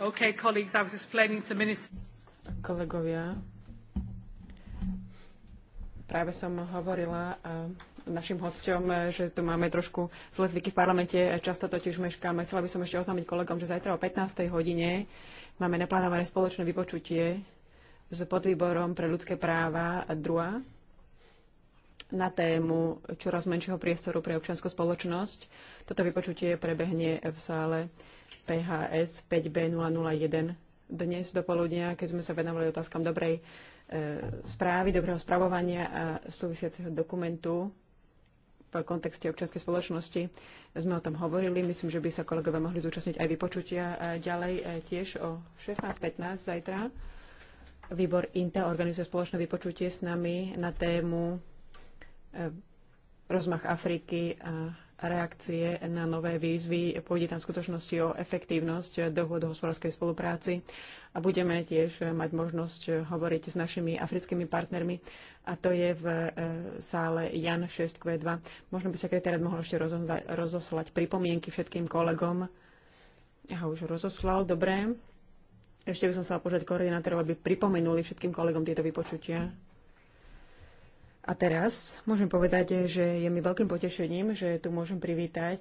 Okay, colleagues, I was explaining to minister... Kolegovia, práve som hovorila našim hosťom, e, že tu máme trošku zlé zvyky v parlamente, e, často totiž meškáme. Chcela by som ešte oznámiť kolegom, že zajtra o 15. hodine máme naplánované spoločné vypočutie s podvýborom pre ľudské práva a DRUA, na tému čoraz menšieho priestoru pre občianskú spoločnosť. Toto vypočutie prebehne v sále PHS 5B001 dnes do poludnia, keď sme sa venovali otázkam dobrej e, správy, dobrého spravovania a súvisiaceho dokumentu v kontexte občianskej spoločnosti. Sme o tom hovorili, myslím, že by sa kolegovia mohli zúčastniť aj vypočutia e, ďalej e, tiež o 16.15 zajtra. Výbor INTA organizuje spoločné vypočutie s nami na tému E, rozmach Afriky a reakcie na nové výzvy. Pôjde tam v skutočnosti o efektívnosť dohod o hospodárskej spolupráci a budeme tiež mať možnosť hovoriť s našimi africkými partnermi a to je v e, sále Jan 6Q2. Možno by sekretariat mohol ešte rozoslať pripomienky všetkým kolegom. Ja ho už rozoslal, dobre. Ešte by som sa požiadať koordinátorov, aby pripomenuli všetkým kolegom tieto vypočutia. A teraz môžem povedať, že je mi veľkým potešením, že tu môžem privítať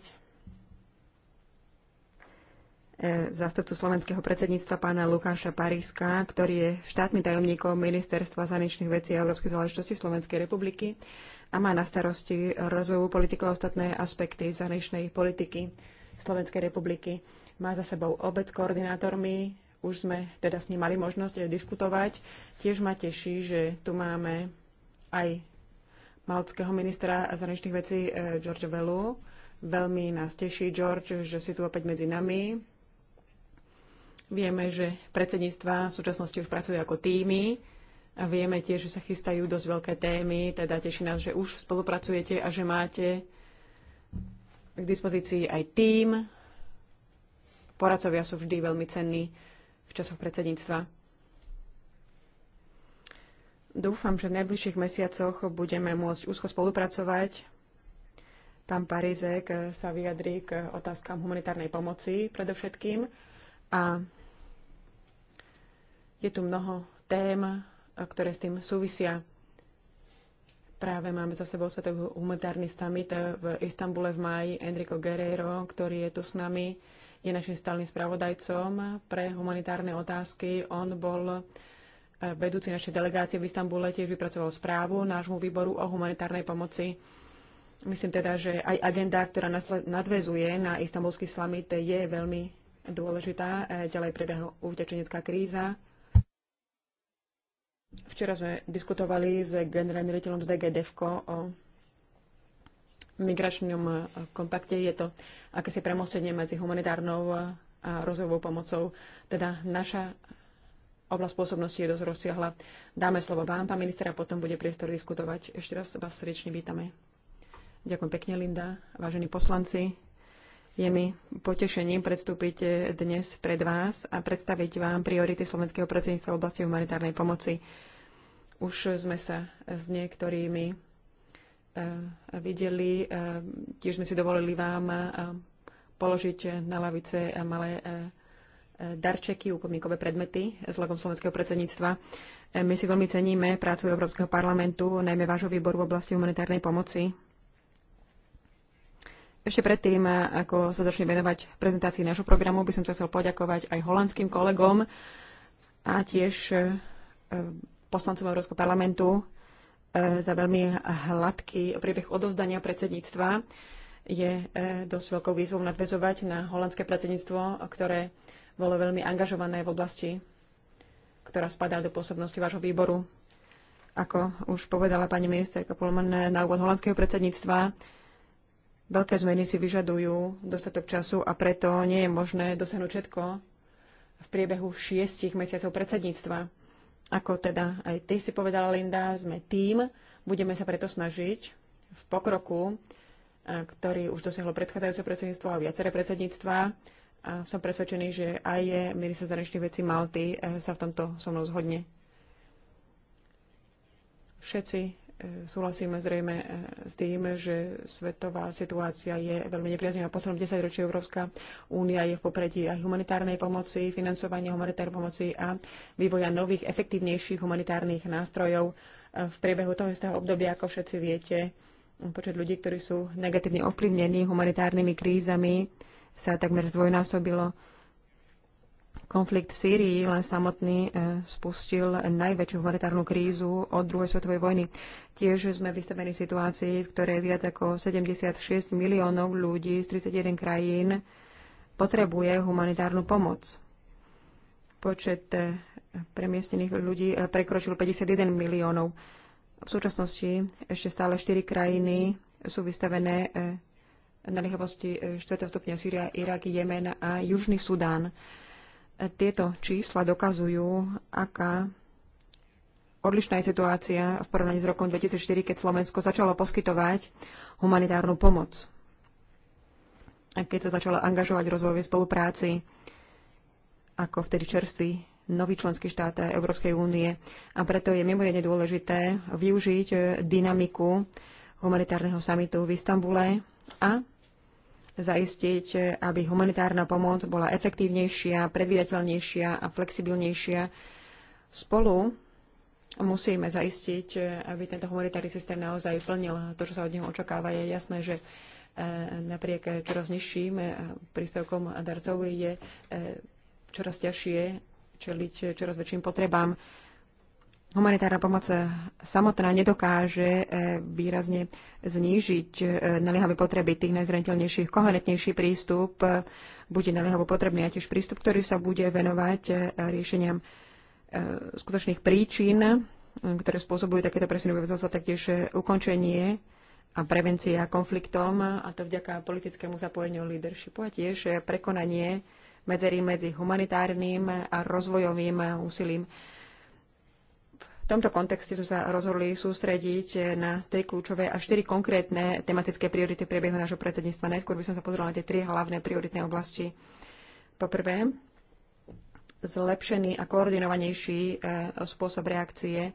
eh, zástupcu slovenského predsedníctva pána Lukáša Paríska, ktorý je štátnym tajomníkom Ministerstva zahraničných vecí a európskej záležitosti Slovenskej republiky a má na starosti rozvojovú politiku a ostatné aspekty zahraničnej politiky Slovenskej republiky. Má za sebou obec koordinátormi, už sme teda s ním mali možnosť diskutovať. Tiež ma teší, že tu máme aj malckého ministra zahraničných vecí eh, George Velu. Veľmi nás teší, George, že si tu opäť medzi nami. Vieme, že predsedníctva v súčasnosti už pracujú ako týmy a vieme tiež, že sa chystajú dosť veľké témy, teda teší nás, že už spolupracujete a že máte k dispozícii aj tým. Poradcovia sú vždy veľmi cenní v časoch predsedníctva. Dúfam, že v najbližších mesiacoch budeme môcť úzko spolupracovať. Tam Parizek sa vyjadrí k otázkam humanitárnej pomoci predovšetkým. A je tu mnoho tém, ktoré s tým súvisia. Práve máme za sebou Svetový humanitárny summit v Istambule v máji. Enrico Guerrero, ktorý je tu s nami, je našim stálym spravodajcom pre humanitárne otázky. On bol vedúci našej delegácie v Istambule tiež vypracoval správu nášmu výboru o humanitárnej pomoci. Myslím teda, že aj agenda, ktorá nadvezuje na istambulský summit, je veľmi dôležitá. E, ďalej prebehla utečenecká kríza. Včera sme diskutovali s generálnym riaditeľom z DGDFko o migračnom kompakte. Je to akési premostenie medzi humanitárnou a rozvojovou pomocou. Teda naša oblasť pôsobnosti je dosť rozsiahla. Dáme slovo vám, pán minister, a potom bude priestor diskutovať. Ešte raz vás srdečne vítame. Ďakujem pekne, Linda. Vážení poslanci, je mi potešením predstúpiť dnes pred vás a predstaviť vám priority slovenského predsedníctva v oblasti humanitárnej pomoci. Už sme sa s niektorými eh, videli, eh, tiež sme si dovolili vám eh, položiť na lavice malé darčeky, úplníkové predmety s logom slovenského predsedníctva. E, my si veľmi ceníme prácu Európskeho parlamentu, najmä vášho výboru v oblasti humanitárnej pomoci. Ešte predtým, e, ako sa začne venovať prezentácii nášho programu, by som sa chcel poďakovať aj holandským kolegom a tiež e, poslancom Európskeho parlamentu za veľmi hladký priebeh odovzdania predsedníctva. Je dosť veľkou výzvou nadvezovať na holandské predsedníctvo, ktoré bolo veľmi angažované v oblasti, ktorá spadá do pôsobnosti vášho výboru. Ako už povedala pani ministerka Pullman na úvod holandského predsedníctva, veľké zmeny si vyžadujú dostatok času a preto nie je možné dosiahnuť všetko v priebehu šiestich mesiacov predsedníctva. Ako teda aj ty si povedala, Linda, sme tým, budeme sa preto snažiť v pokroku, ktorý už dosiahlo predchádzajúce predsedníctvo a viaceré predsedníctva, a som presvedčený, že aj minister zahraničných vecí Malty eh, sa v tomto so mnou zhodne. Všetci eh, súhlasíme zrejme eh, s tým, že svetová situácia je veľmi nepriaznivá. V poslednom desaťročí Európska únia je v popredí aj humanitárnej pomoci, financovania humanitárnej pomoci a vývoja nových, efektívnejších humanitárnych nástrojov. V priebehu toho istého obdobia, ako všetci viete, počet ľudí, ktorí sú negatívne ovplyvnení humanitárnymi krízami, sa takmer zdvojnásobilo. Konflikt v Sýrii len samotný e, spustil najväčšiu humanitárnu krízu od druhej svetovej vojny. Tiež sme vystavení situácii, v ktorej viac ako 76 miliónov ľudí z 31 krajín potrebuje humanitárnu pomoc. Počet e, premiestnených ľudí e, prekročil 51 miliónov. V súčasnosti ešte stále 4 krajiny sú vystavené naliehavosti 4. E, stupňa Syria, Irak, Jemen a Južný Sudán. E, tieto čísla dokazujú, aká odlišná je situácia v porovnaní s rokom 2004, keď Slovensko začalo poskytovať humanitárnu pomoc. A keď sa začalo angažovať v rozvojovej spolupráci ako vtedy čerstvý nový členský štát Európskej únie. A preto je mimoriadne dôležité využiť dynamiku humanitárneho samitu v Istambule a zaistiť, aby humanitárna pomoc bola efektívnejšia, predvídateľnejšia a flexibilnejšia. Spolu musíme zaistiť, aby tento humanitárny systém naozaj plnil to, čo sa od neho očakáva. Je jasné, že e, napriek čoraz nižším e, príspevkom darcov je e, čoraz ťažšie čeliť čoraz väčším potrebám humanitárna pomoc e, samotná nedokáže e, výrazne znížiť e, naliehavé potreby tých najzraniteľnejších. Koherentnejší prístup bude naliehavo potrebný a tiež prístup, ktorý sa bude venovať riešeniam skutočných príčin, ktoré spôsobujú takéto presuny obyvateľstva, taktiež ukončenie a prevencia konfliktom, a to vďaka politickému zapojeniu leadershipu a tiež prekonanie medzerí medzi humanitárnym a rozvojovým úsilím. V tomto kontexte sme sa rozhodli sústrediť na tri kľúčové a štyri konkrétne tematické priority v priebehu nášho predsedníctva. Najskôr by som sa pozrela na tie tri hlavné prioritné oblasti. Po prvé, zlepšený a koordinovanejší e, spôsob reakcie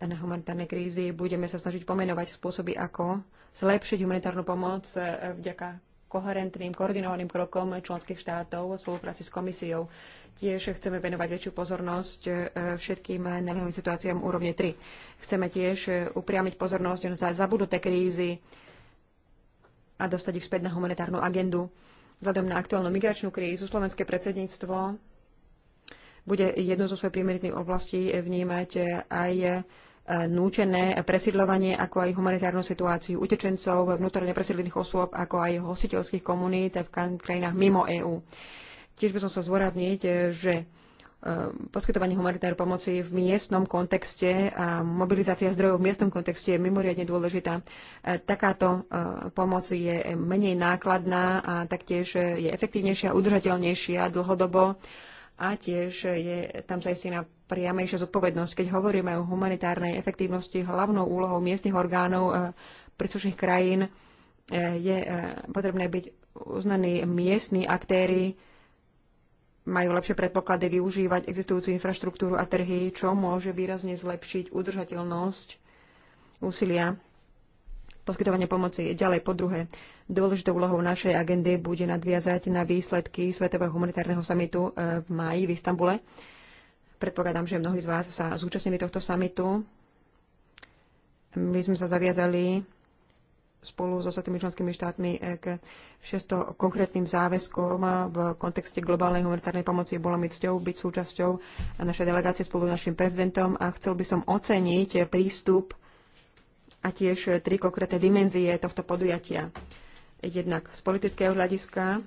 na humanitárne krízy. Budeme sa snažiť pomenovať spôsoby, ako zlepšiť humanitárnu pomoc e, vďaka koherentným, koordinovaným krokom členských štátov v spolupráci s komisiou. Tiež chceme venovať väčšiu pozornosť e, všetkým naliehavým situáciám úrovne 3. Chceme tiež e, upriamiť pozornosť za zabudnuté krízy a dostať ich späť na humanitárnu agendu. Vzhľadom na aktuálnu migračnú krízu slovenské predsedníctvo bude jedno zo svojich primeritných oblastí vnímať aj nútené presídľovanie, ako aj humanitárnu situáciu utečencov, vnútorne presídlených osôb, ako aj hostiteľských komunít v krajinách mimo EÚ. Tiež by som sa zvorazniť, e, že e, poskytovanie humanitárnej pomoci v miestnom kontexte a mobilizácia zdrojov v miestnom kontexte je mimoriadne dôležitá. E, takáto pomoc je menej nákladná a taktiež je efektívnejšia, udržateľnejšia dlhodobo a tiež je tam zaistená priamejšia zodpovednosť. Keď hovoríme o humanitárnej efektívnosti, hlavnou úlohou miestnych orgánov e, príslušných krajín e, je e, potrebné byť uznaní miestni aktéry, majú lepšie predpoklady využívať existujúcu infraštruktúru a trhy, čo môže výrazne zlepšiť udržateľnosť úsilia poskytovania pomoci. Ďalej, po druhé, dôležitou úlohou našej agendy bude nadviazať na výsledky Svetového humanitárneho samitu v máji v Istambule. Predpokladám, že mnohí z vás sa zúčastnili tohto samitu. My sme sa zaviazali spolu so ostatnými členskými štátmi k šesto konkrétnym záväzkom v kontexte globálnej humanitárnej pomoci. Bolo mi cťou byť súčasťou našej delegácie spolu s našim prezidentom a chcel by som oceniť prístup a tiež tri konkrétne dimenzie tohto podujatia. Jednak z politického hľadiska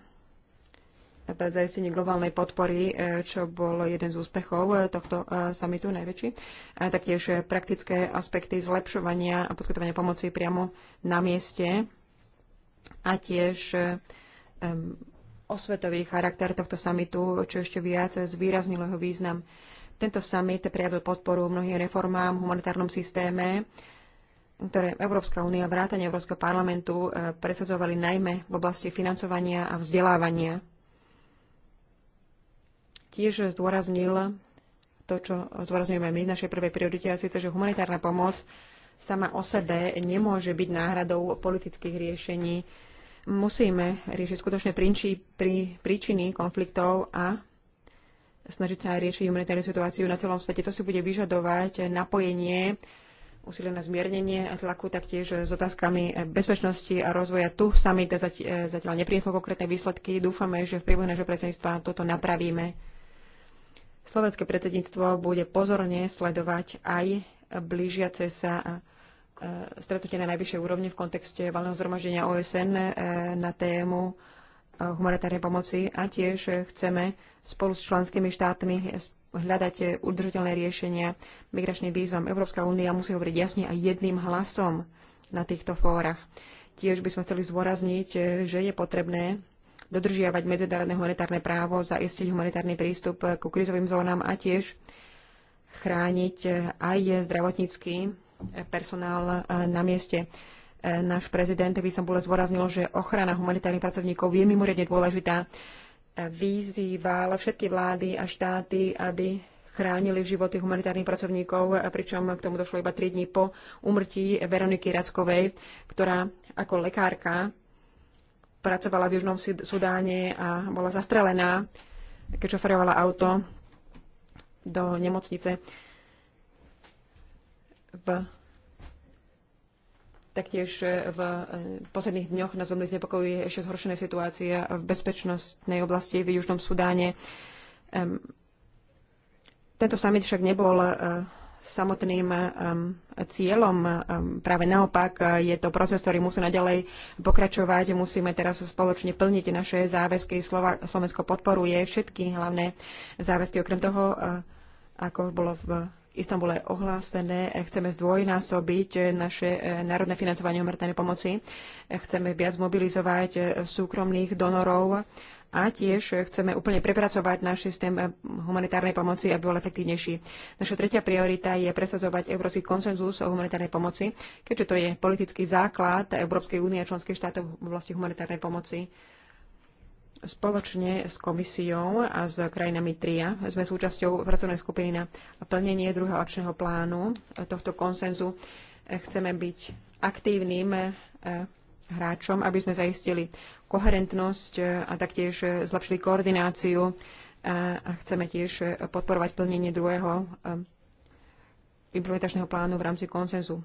zaistenie globálnej podpory, e, čo bol jeden z úspechov e, tohto e, samitu najväčší, a taktiež praktické aspekty zlepšovania a poskytovania pomoci priamo na mieste a tiež um, osvetový charakter tohto samitu, čo ešte viac zvýraznilo jeho význam. Tento summit prijavil podporu mnohým reformám v humanitárnom systéme, ktoré Európska únia vrátanie Európskeho parlamentu presadzovali najmä v oblasti financovania a vzdelávania tiež zdôraznil to, čo zdôrazňujeme my v našej prvej priorite, a síce, že humanitárna pomoc sama o sebe nemôže byť náhradou politických riešení. Musíme riešiť skutočne prínči, prí, príčiny konfliktov a snažiť sa riešiť humanitárnu situáciu na celom svete. To si bude vyžadovať napojenie, úsilie na zmiernenie a tlaku taktiež s otázkami bezpečnosti a rozvoja. Tu sami zatiaľ nepriniesol konkrétne výsledky. Dúfame, že v priebehu nášho predsedníctva toto napravíme Slovenské predsedníctvo bude pozorne sledovať aj blížiace sa e, e, stretnutie na najvyššej úrovni v kontexte valného zhromaždenia OSN e, na tému humanitárnej pomoci a tiež chceme spolu s členskými štátmi hľadať udržateľné riešenia migračným výzvam. Európska únia musí hovoriť jasne a jedným hlasom na týchto fórach. Tiež by sme chceli zdôrazniť, že je potrebné dodržiavať medzinárodné humanitárne právo, zaistiť humanitárny prístup ku krizovým zónam a tiež chrániť aj zdravotnícky personál e, na mieste. E, náš prezident by som bol zdôraznil, že ochrana humanitárnych pracovníkov je mimoriadne dôležitá. E, Vyzýval všetky vlády a štáty, aby chránili životy humanitárnych pracovníkov, pričom k tomu došlo iba 3 dní po umrtí Veroniky Rackovej, ktorá ako lekárka pracovala v Južnom Sudáne a bola zastrelená, keď šoferovala auto do nemocnice. V, taktiež e, v e, posledných dňoch nás veľmi znepokojuje ešte zhoršená situácia v bezpečnostnej oblasti v Južnom Sudáne. Tento summit však nebol e, samotným um, cieľom. Um, práve naopak, uh, je to proces, ktorý musí naďalej pokračovať. Musíme teraz spoločne plniť naše záväzky. Slovensko podporuje všetky hlavné záväzky. Okrem toho, uh, ako bolo v Istambule ohlásené, chceme zdvojnásobiť naše uh, národné financovanie humanitárnej pomoci. Chceme viac mobilizovať súkromných donorov a tiež chceme úplne prepracovať náš systém humanitárnej pomoci, aby bol efektívnejší. Naša tretia priorita je presadzovať európsky konsenzus o humanitárnej pomoci, keďže to je politický základ Európskej únie a členských štátov v oblasti humanitárnej pomoci. Spoločne s komisiou a s krajinami TRIA sme súčasťou pracovnej skupiny na plnenie druhého akčného plánu tohto konsenzu. Chceme byť aktívnym eh, hráčom, aby sme zaistili koherentnosť e, a taktiež e, zlepšili koordináciu e, a chceme tiež podporovať plnenie druhého implementačného plánu v rámci konsenzu.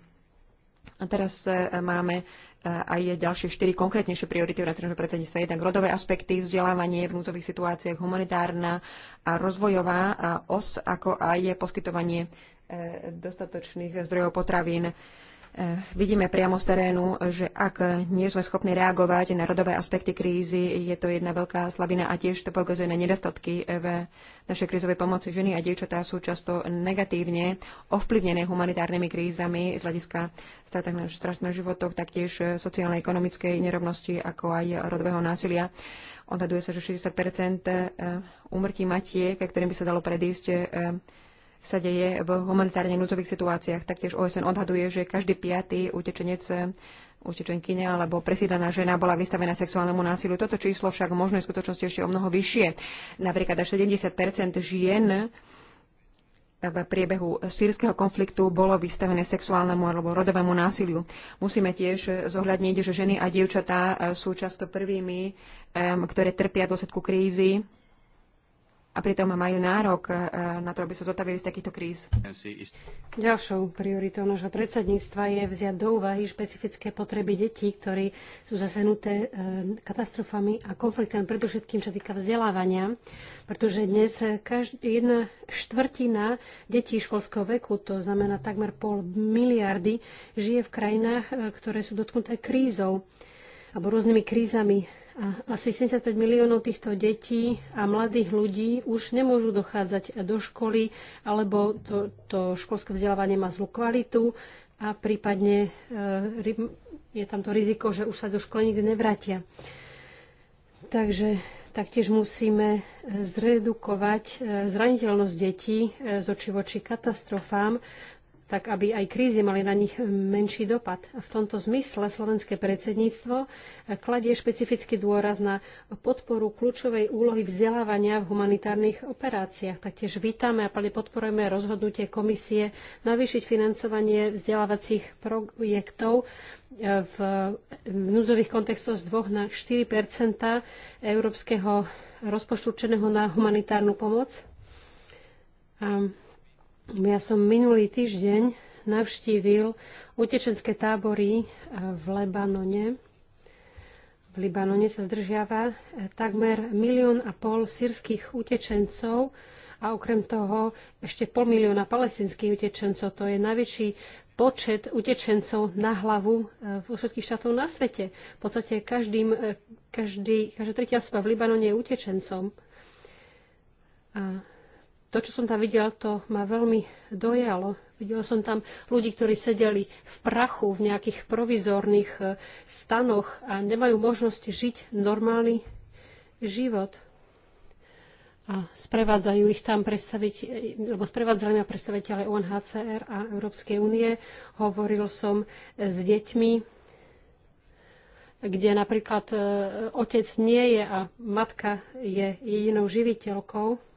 A teraz máme aj ďalšie štyri konkrétnejšie priority v rámci nášho predsedníctva. Jednak rodové aspekty, vzdelávanie v núdzových situáciách, humanitárna a rozvojová a os, ako aj poskytovanie dostatočných zdrojov potravín. Eh, vidíme priamo z terénu, že ak nie sme schopní reagovať na rodové aspekty krízy, je to jedna veľká slabina a tiež to poukazuje na nedostatky eh, v našej krízovej pomoci. Ženy a dievčatá sú často negatívne ovplyvnené humanitárnymi krízami z hľadiska stratách na strašných životoch, taktiež eh, sociálnej, ekonomickej nerovnosti, ako aj rodového násilia. Odhaduje sa, že 60 úmrtí matiek, ktorým by sa dalo predísť, sa deje v humanitárne núdzových situáciách. Taktiež OSN odhaduje, že každý piatý utečenec utečenkyne alebo presídaná žena bola vystavená sexuálnemu násiliu. Toto číslo však možno je v skutočnosti ešte o mnoho vyššie. Napríklad až 70 žien v priebehu sírskeho konfliktu bolo vystavené sexuálnemu alebo rodovému násiliu. Musíme tiež zohľadniť, že ženy a dievčatá sú často prvými, ktoré trpia dôsledku krízy a pritom majú nárok e, na to, aby sa zotavili z takýchto kríz. Ďalšou prioritou nášho predsedníctva je vziať do úvahy špecifické potreby detí, ktorí sú zasenuté e, katastrofami a konfliktami, predovšetkým čo týka vzdelávania, pretože dnes e, každý jedna štvrtina detí školského veku, to znamená takmer pol miliardy, žije v krajinách, ktoré sú dotknuté krízou alebo rôznymi krízami asi 75 miliónov týchto detí a mladých ľudí už nemôžu dochádzať do školy, alebo to, to školské vzdelávanie má zlú kvalitu a prípadne e, je tam to riziko, že už sa do školy nikdy nevrátia. Takže taktiež musíme e, zredukovať e, zraniteľnosť detí z oči voči katastrofám tak aby aj krízy mali na nich menší dopad. v tomto zmysle slovenské predsedníctvo eh, kladie špecifický dôraz na podporu kľúčovej úlohy vzdelávania v humanitárnych operáciách. Taktiež vítame a plne podporujeme rozhodnutie komisie navýšiť financovanie vzdelávacích projektov eh, v, núzových kontextoch z 2 na 4 európskeho rozpočtu určeného na humanitárnu pomoc. A ja som minulý týždeň navštívil utečenské tábory v Lebanone. V Libanone sa zdržiava eh, takmer milión a pol sírskych utečencov a okrem toho ešte pol milióna palestinských utečencov. To je najväčší počet utečencov na hlavu eh, v všetkých štátov na svete. V podstate každým, eh, každý, každá tretia osoba v Libanone je utečencom. A to, čo som tam videl, to ma veľmi dojalo. Videl som tam ľudí, ktorí sedeli v prachu v nejakých provizorných e, stanoch a nemajú možnosť žiť normálny život. A sprevádzajú ich tam e, lebo sprevádzali ma predstaviteľe UNHCR a Európskej únie. Hovoril som s deťmi, kde napríklad e, otec nie je a matka je jedinou živiteľkou.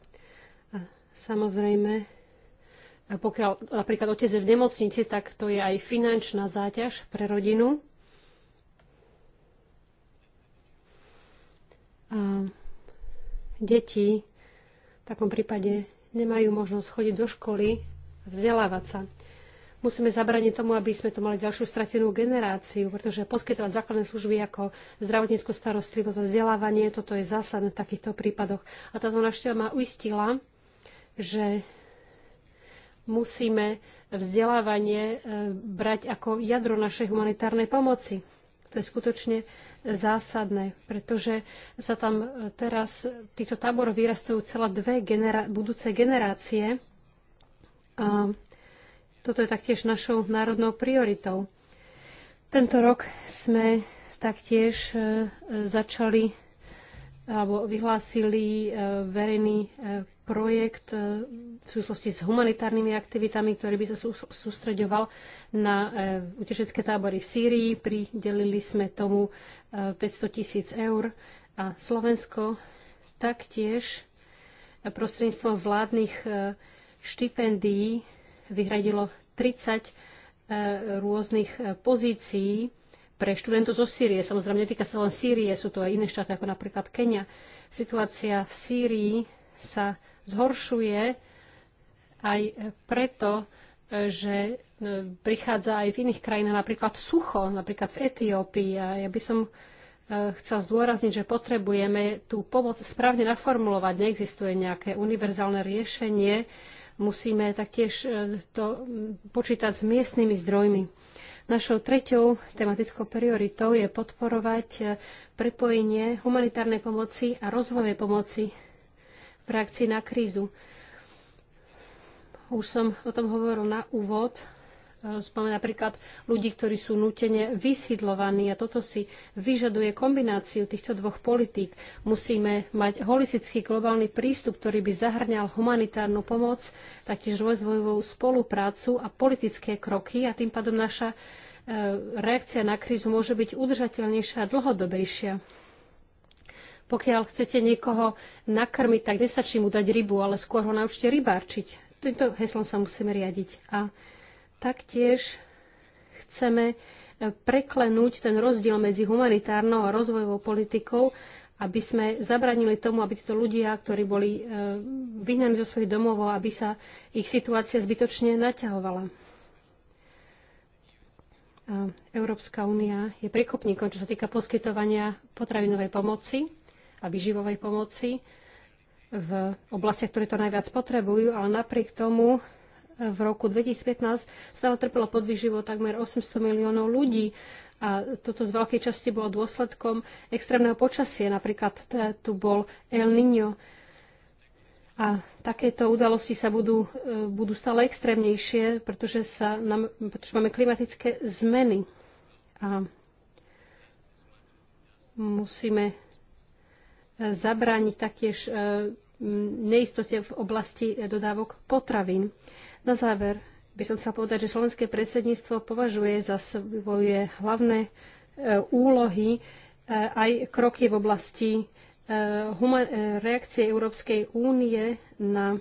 Samozrejme, a pokiaľ napríklad otec je v nemocnici, tak to je aj finančná záťaž pre rodinu. A deti v takom prípade nemajú možnosť chodiť do školy a vzdelávať sa. Musíme zabrániť tomu, aby sme to mali ďalšiu stratenú generáciu, pretože poskytovať základné služby ako zdravotníckú starostlivosť a vzdelávanie, toto je zásadné v takýchto prípadoch. A táto návšteva ma uistila, že musíme vzdelávanie e, brať ako jadro našej humanitárnej pomoci. To je skutočne zásadné, pretože sa tam e, teraz v týchto táboroch vyrastujú celé dve genera- budúce generácie a toto je taktiež našou národnou prioritou. Tento rok sme taktiež e, začali alebo vyhlásili verejný projekt e, v súvislosti s humanitárnymi aktivitami, ktorý by sa sústreďoval na e, utečecké tábory v Sýrii. Pridelili sme tomu 500 e, tisíc eur a Slovensko taktiež prostredníctvom vládnych štipendií vyhradilo 30 rôznych pozícií pre študentov zo Sýrie. Samozrejme, netýka sa len Sýrie, sú to aj iné štáty, ako napríklad Kenia. Situácia v Sýrii sa zhoršuje aj preto, že e, prichádza aj v iných krajinách, napríklad sucho, napríklad v Etiópii. A ja by som e, chcel zdôrazniť, že potrebujeme tú pomoc správne naformulovať. Neexistuje nejaké univerzálne riešenie. Musíme taktiež e, to počítať s miestnymi zdrojmi. Našou treťou tematickou prioritou je podporovať prepojenie humanitárnej pomoci a rozvojovej pomoci v reakcii na krízu. Už som o tom hovoril na úvod. Spomeň napríklad ľudí, ktorí sú nutene vysídlovaní a toto si vyžaduje kombináciu týchto dvoch politík. Musíme mať holistický globálny prístup, ktorý by zahrňal humanitárnu pomoc, taktiež rozvojovú spoluprácu a politické kroky a tým pádom naša e, reakcia na krízu môže byť udržateľnejšia a dlhodobejšia. Pokiaľ chcete niekoho nakrmiť, tak nestačí mu dať rybu, ale skôr ho naučte rybárčiť. Týmto heslom sa musíme riadiť. A taktiež chceme e, preklenúť ten rozdiel medzi humanitárnou a rozvojovou politikou, aby sme zabranili tomu, aby títo ľudia, ktorí boli e, vyhnaní zo svojich domov, aby sa ich situácia zbytočne naťahovala. Európska únia je prekopníkom, čo sa týka poskytovania potravinovej pomoci a vyživovej pomoci v oblastiach, ktoré to najviac potrebujú, ale napriek tomu v roku 2015 stále trpelo podvýživo takmer 800 miliónov ľudí a toto z veľkej časti bolo dôsledkom extrémneho počasie. Napríklad tu bol El Niño. A takéto udalosti sa budú, e, budú stále extrémnejšie, pretože, sa nám, pretože máme klimatické zmeny. A musíme zabrániť taktiež e, neistote v oblasti dodávok potravín. Na záver by som chcela povedať, že slovenské predsedníctvo považuje za svoje hlavné e, úlohy e, aj kroky v oblasti reakcie Európskej únie na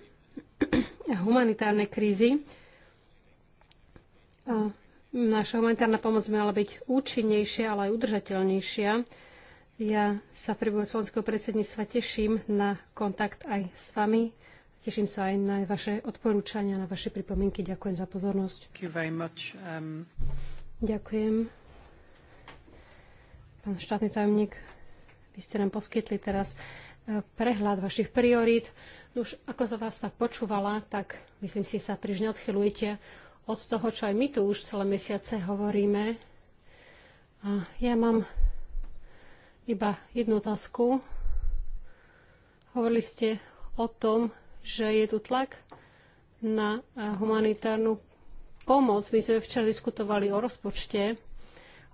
humanitárne krízy. Naša humanitárna pomoc by mala byť účinnejšia, ale aj udržateľnejšia. Ja sa pre slovenského predsedníctva teším na kontakt aj s vami. Teším sa aj na vaše odporúčania, na vaše pripomienky. Ďakujem za pozornosť. Um... Ďakujem. Pán štátny tajomník, vy ste nám poskytli teraz e, prehľad vašich priorít. No už ako som vás tak počúvala, tak myslím si, sa príliš neodchylujete od toho, čo aj my tu už celé mesiace hovoríme. A ja mám iba jednu otázku. Hovorili ste o tom, že je tu tlak na eh, humanitárnu pomoc. My sme včera diskutovali o rozpočte.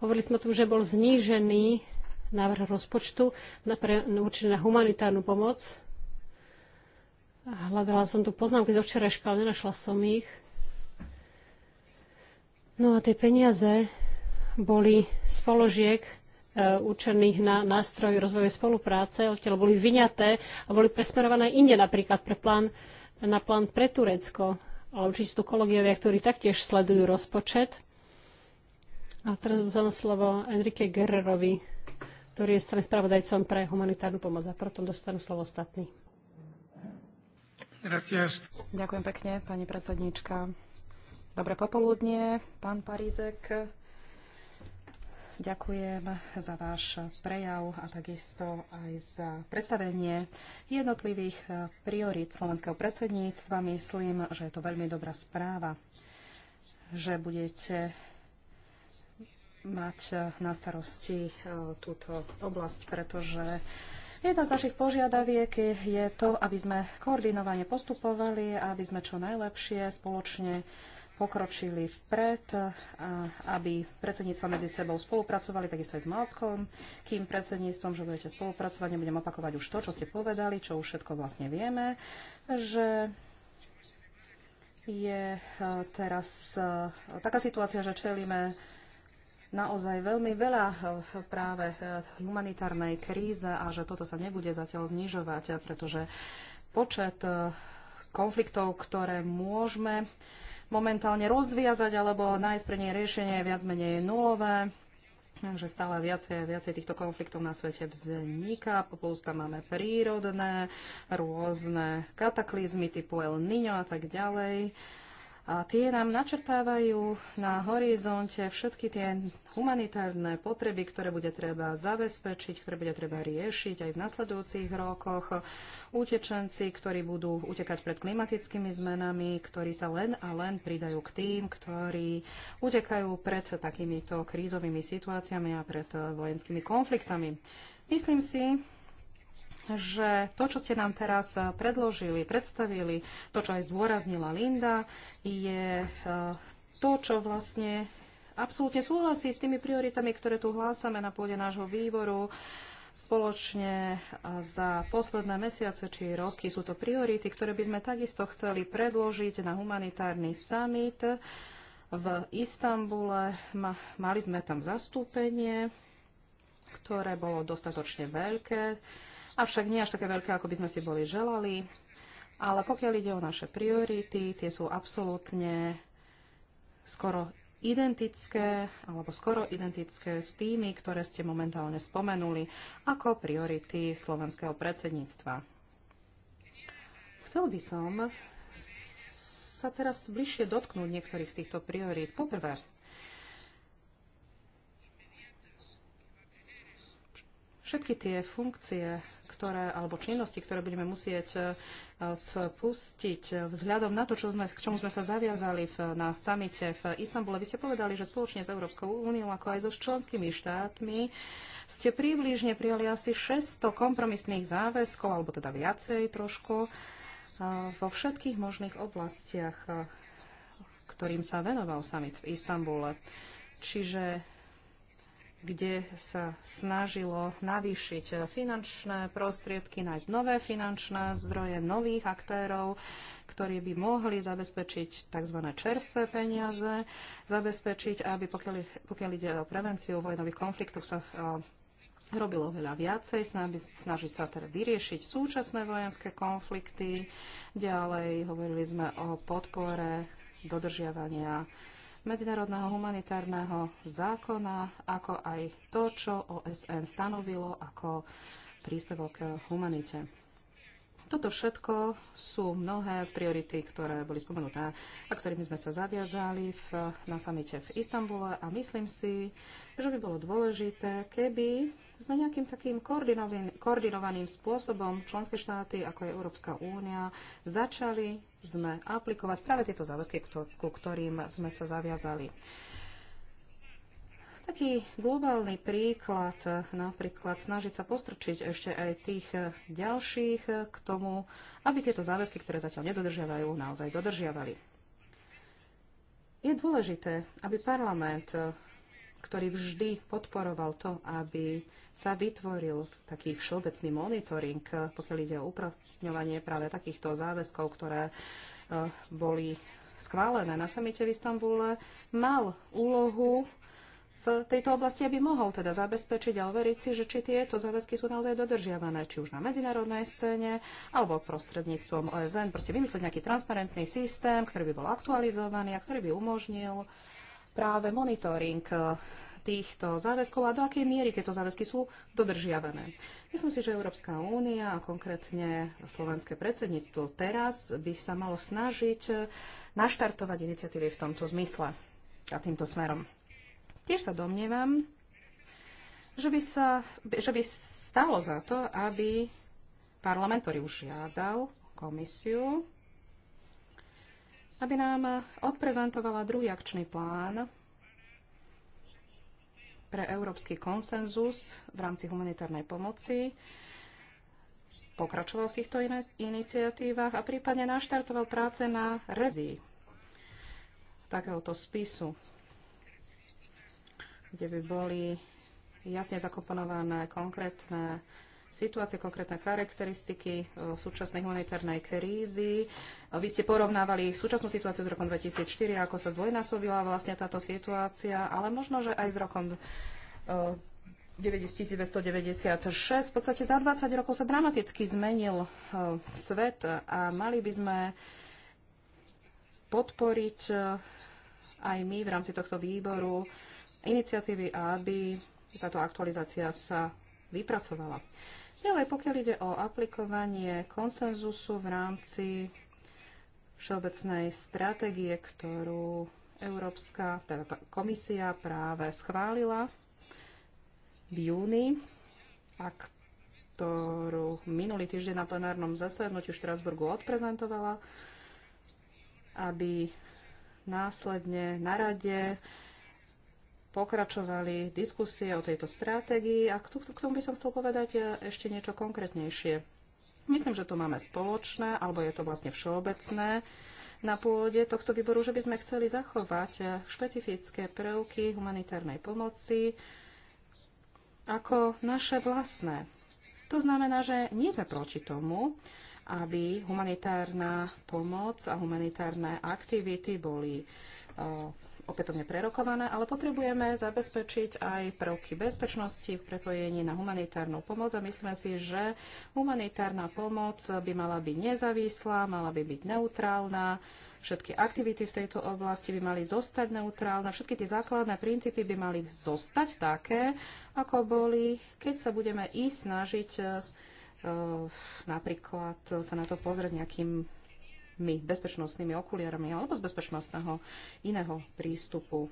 Hovorili sme o tom, že bol znížený návrh rozpočtu na, pre, určite na humanitárnu pomoc. Hľadala som tu poznámky do včerajška, ale nenašla som ich. No a tie peniaze boli z položiek E, určených na nástroj rozvoje spolupráce, odtiaľ boli vyňaté a boli presmerované inde napríklad pre plán, na plán pre Turecko. Ale určite sú tu kolegovia, ktorí taktiež sledujú rozpočet. A teraz za slovo Enrique Guerrerovi, ktorý je strany spravodajcom pre humanitárnu pomoc. A potom dostanú slovo ostatní. Gracias. Ďakujem pekne, pani predsedníčka. Dobré popoludnie, pán Parizek, Ďakujem za váš prejav a takisto aj za predstavenie jednotlivých priorít slovenského predsedníctva. Myslím, že je to veľmi dobrá správa, že budete mať na starosti e, túto oblasť, pretože Jedna z našich požiadaviek je to, aby sme koordinovane postupovali, aby sme čo najlepšie spoločne pokročili vpred, aby predsedníctva medzi sebou spolupracovali, takisto aj s Malckom, kým predsedníctvom, že budete spolupracovať, nebudem opakovať už to, čo ste povedali, čo už všetko vlastne vieme, že je teraz taká situácia, že čelíme naozaj veľmi veľa práve humanitárnej kríze a že toto sa nebude zatiaľ znižovať, pretože počet konfliktov, ktoré môžeme momentálne rozviazať alebo nájsť pre nej riešenie viac menej nulové. Takže stále viacej, viacej týchto konfliktov na svete vzniká. Plus tam máme prírodné, rôzne kataklizmy typu El Niño a tak ďalej. Uh, a tie nám načrtávajú na horizonte všetky tie humanitárne potreby, ktoré bude treba zabezpečiť, ktoré bude treba riešiť aj v nasledujúcich rokoch. Utečenci, ktorí budú utekať pred klimatickými zmenami, ktorí sa len a len pridajú k tým, ktorí utekajú pred takýmito krízovými situáciami a pred vojenskými konfliktami. Myslím si, že to, čo ste nám teraz eh, predložili, predstavili, to, čo aj zdôraznila Linda, je eh, to, čo vlastne absolútne súhlasí s tými prioritami, ktoré tu hlásame na pôde nášho výboru spoločne eh, za posledné mesiace či roky. Sú to priority, ktoré by sme takisto chceli predložiť na humanitárny summit v Istambule. Mali sme tam zastúpenie, ktoré bolo dostatočne veľké avšak nie až také veľké, ako by sme si boli želali. Ale pokiaľ ide o naše priority, tie sú absolútne skoro identické, alebo skoro identické s tými, ktoré ste momentálne spomenuli ako priority slovenského predsedníctva. Chcel by som sa teraz bližšie dotknúť niektorých z týchto priorít. Poprvé, všetky tie funkcie, ktoré, alebo činnosti, ktoré budeme musieť e, spustiť vzhľadom na to, čo sme, k čomu sme sa zaviazali v, na samite v Istambule. Vy ste povedali, že spoločne s Európskou úniou, ako aj so členskými štátmi, ste približne prijali asi 600 kompromisných záväzkov, alebo teda viacej trošku, e, vo všetkých možných oblastiach, e, ktorým sa venoval summit v Istambule. Čiže kde sa snažilo navýšiť finančné prostriedky, nájsť nové finančné zdroje, nových aktérov, ktorí by mohli zabezpečiť tzv. čerstvé peniaze, zabezpečiť, aby pokiaľ, pokiaľ ide o prevenciu vojnových konfliktov, sa robilo veľa viacej, snažiť sa teda vyriešiť súčasné vojenské konflikty. Ďalej hovorili sme o podpore dodržiavania medzinárodného humanitárneho zákona, ako aj to, čo OSN stanovilo ako príspevok k humanite. Toto všetko sú mnohé priority, ktoré boli spomenuté a ktorými sme sa zaviazali v, na samite v Istambule a myslím si, že by bolo dôležité, keby sme nejakým takým koordinovaným spôsobom členské štáty, ako je Európska únia, začali sme aplikovať práve tieto záväzky, ku ktorým sme sa zaviazali. Taký globálny príklad, napríklad snažiť sa postrčiť ešte aj tých eh, ďalších eh, k tomu, aby tieto záväzky, ktoré zatiaľ nedodržiavajú, naozaj dodržiavali. Je dôležité, aby parlament eh, ktorý vždy podporoval to, aby sa vytvoril taký všeobecný monitoring, pokiaľ ide o upravňovanie práve takýchto záväzkov, ktoré eh, boli schválené na samite v Istambule, mal úlohu v tejto oblasti, aby mohol teda zabezpečiť a overiť si, že či tieto záväzky sú naozaj dodržiavané, či už na medzinárodnej scéne, alebo prostredníctvom OSN. Proste vymyslieť nejaký transparentný systém, ktorý by bol aktualizovaný a ktorý by umožnil práve monitoring eh, týchto záväzkov a do akej miery tieto záväzky sú dodržiavané. Myslím si, že Európska únia a konkrétne slovenské predsedníctvo teraz by sa malo snažiť eh, naštartovať iniciatívy v tomto zmysle a týmto smerom. Tiež sa domnievam, že by, sa, že by stalo za to, aby parlament, ktorý už žiadal komisiu, aby nám odprezentovala druhý akčný plán pre európsky konsenzus v rámci humanitárnej pomoci, pokračoval v týchto in iniciatívach a prípadne naštartoval práce na rezí takéhoto spisu, kde by boli jasne zakomponované konkrétne situácie, konkrétne charakteristiky eh, súčasnej humanitárnej krízy. Eh, vy ste porovnávali súčasnú situáciu s rokom 2004, ako sa zdvojnásobila vlastne táto situácia, ale možno, že aj s rokom 1996. Eh, v podstate za 20 rokov sa dramaticky zmenil svet a mali by sme podporiť aj my v rámci tohto výboru iniciatívy, aby táto aktualizácia sa vypracovala. Ďalej, pokiaľ ide o aplikovanie konsenzusu v rámci všeobecnej stratégie, ktorú Európska teda komisia práve schválila v júni a ktorú minulý týždeň na plenárnom zasadnutí v Štrasburgu odprezentovala, aby následne na rade pokračovali diskusie o tejto stratégii a k, tomu by som chcel povedať e, ešte niečo konkrétnejšie. Myslím, že to máme spoločné, alebo je to vlastne všeobecné na pôde tohto výboru, že by sme chceli zachovať e, špecifické prvky humanitárnej pomoci ako naše vlastné. To znamená, že nie sme proti tomu, aby humanitárna pomoc a humanitárne aktivity boli e, opätovne prerokované, ale potrebujeme zabezpečiť aj prvky bezpečnosti v prepojení na humanitárnu pomoc a myslíme si, že humanitárna pomoc by mala byť nezávislá, mala by byť neutrálna, všetky aktivity v tejto oblasti by mali zostať neutrálne, všetky tie základné princípy by mali zostať také, ako boli, keď sa budeme i snažiť e, Eh, napríklad sa na to pozrieť nejakým my bezpečnostnými okuliarmi alebo z bezpečnostného iného prístupu.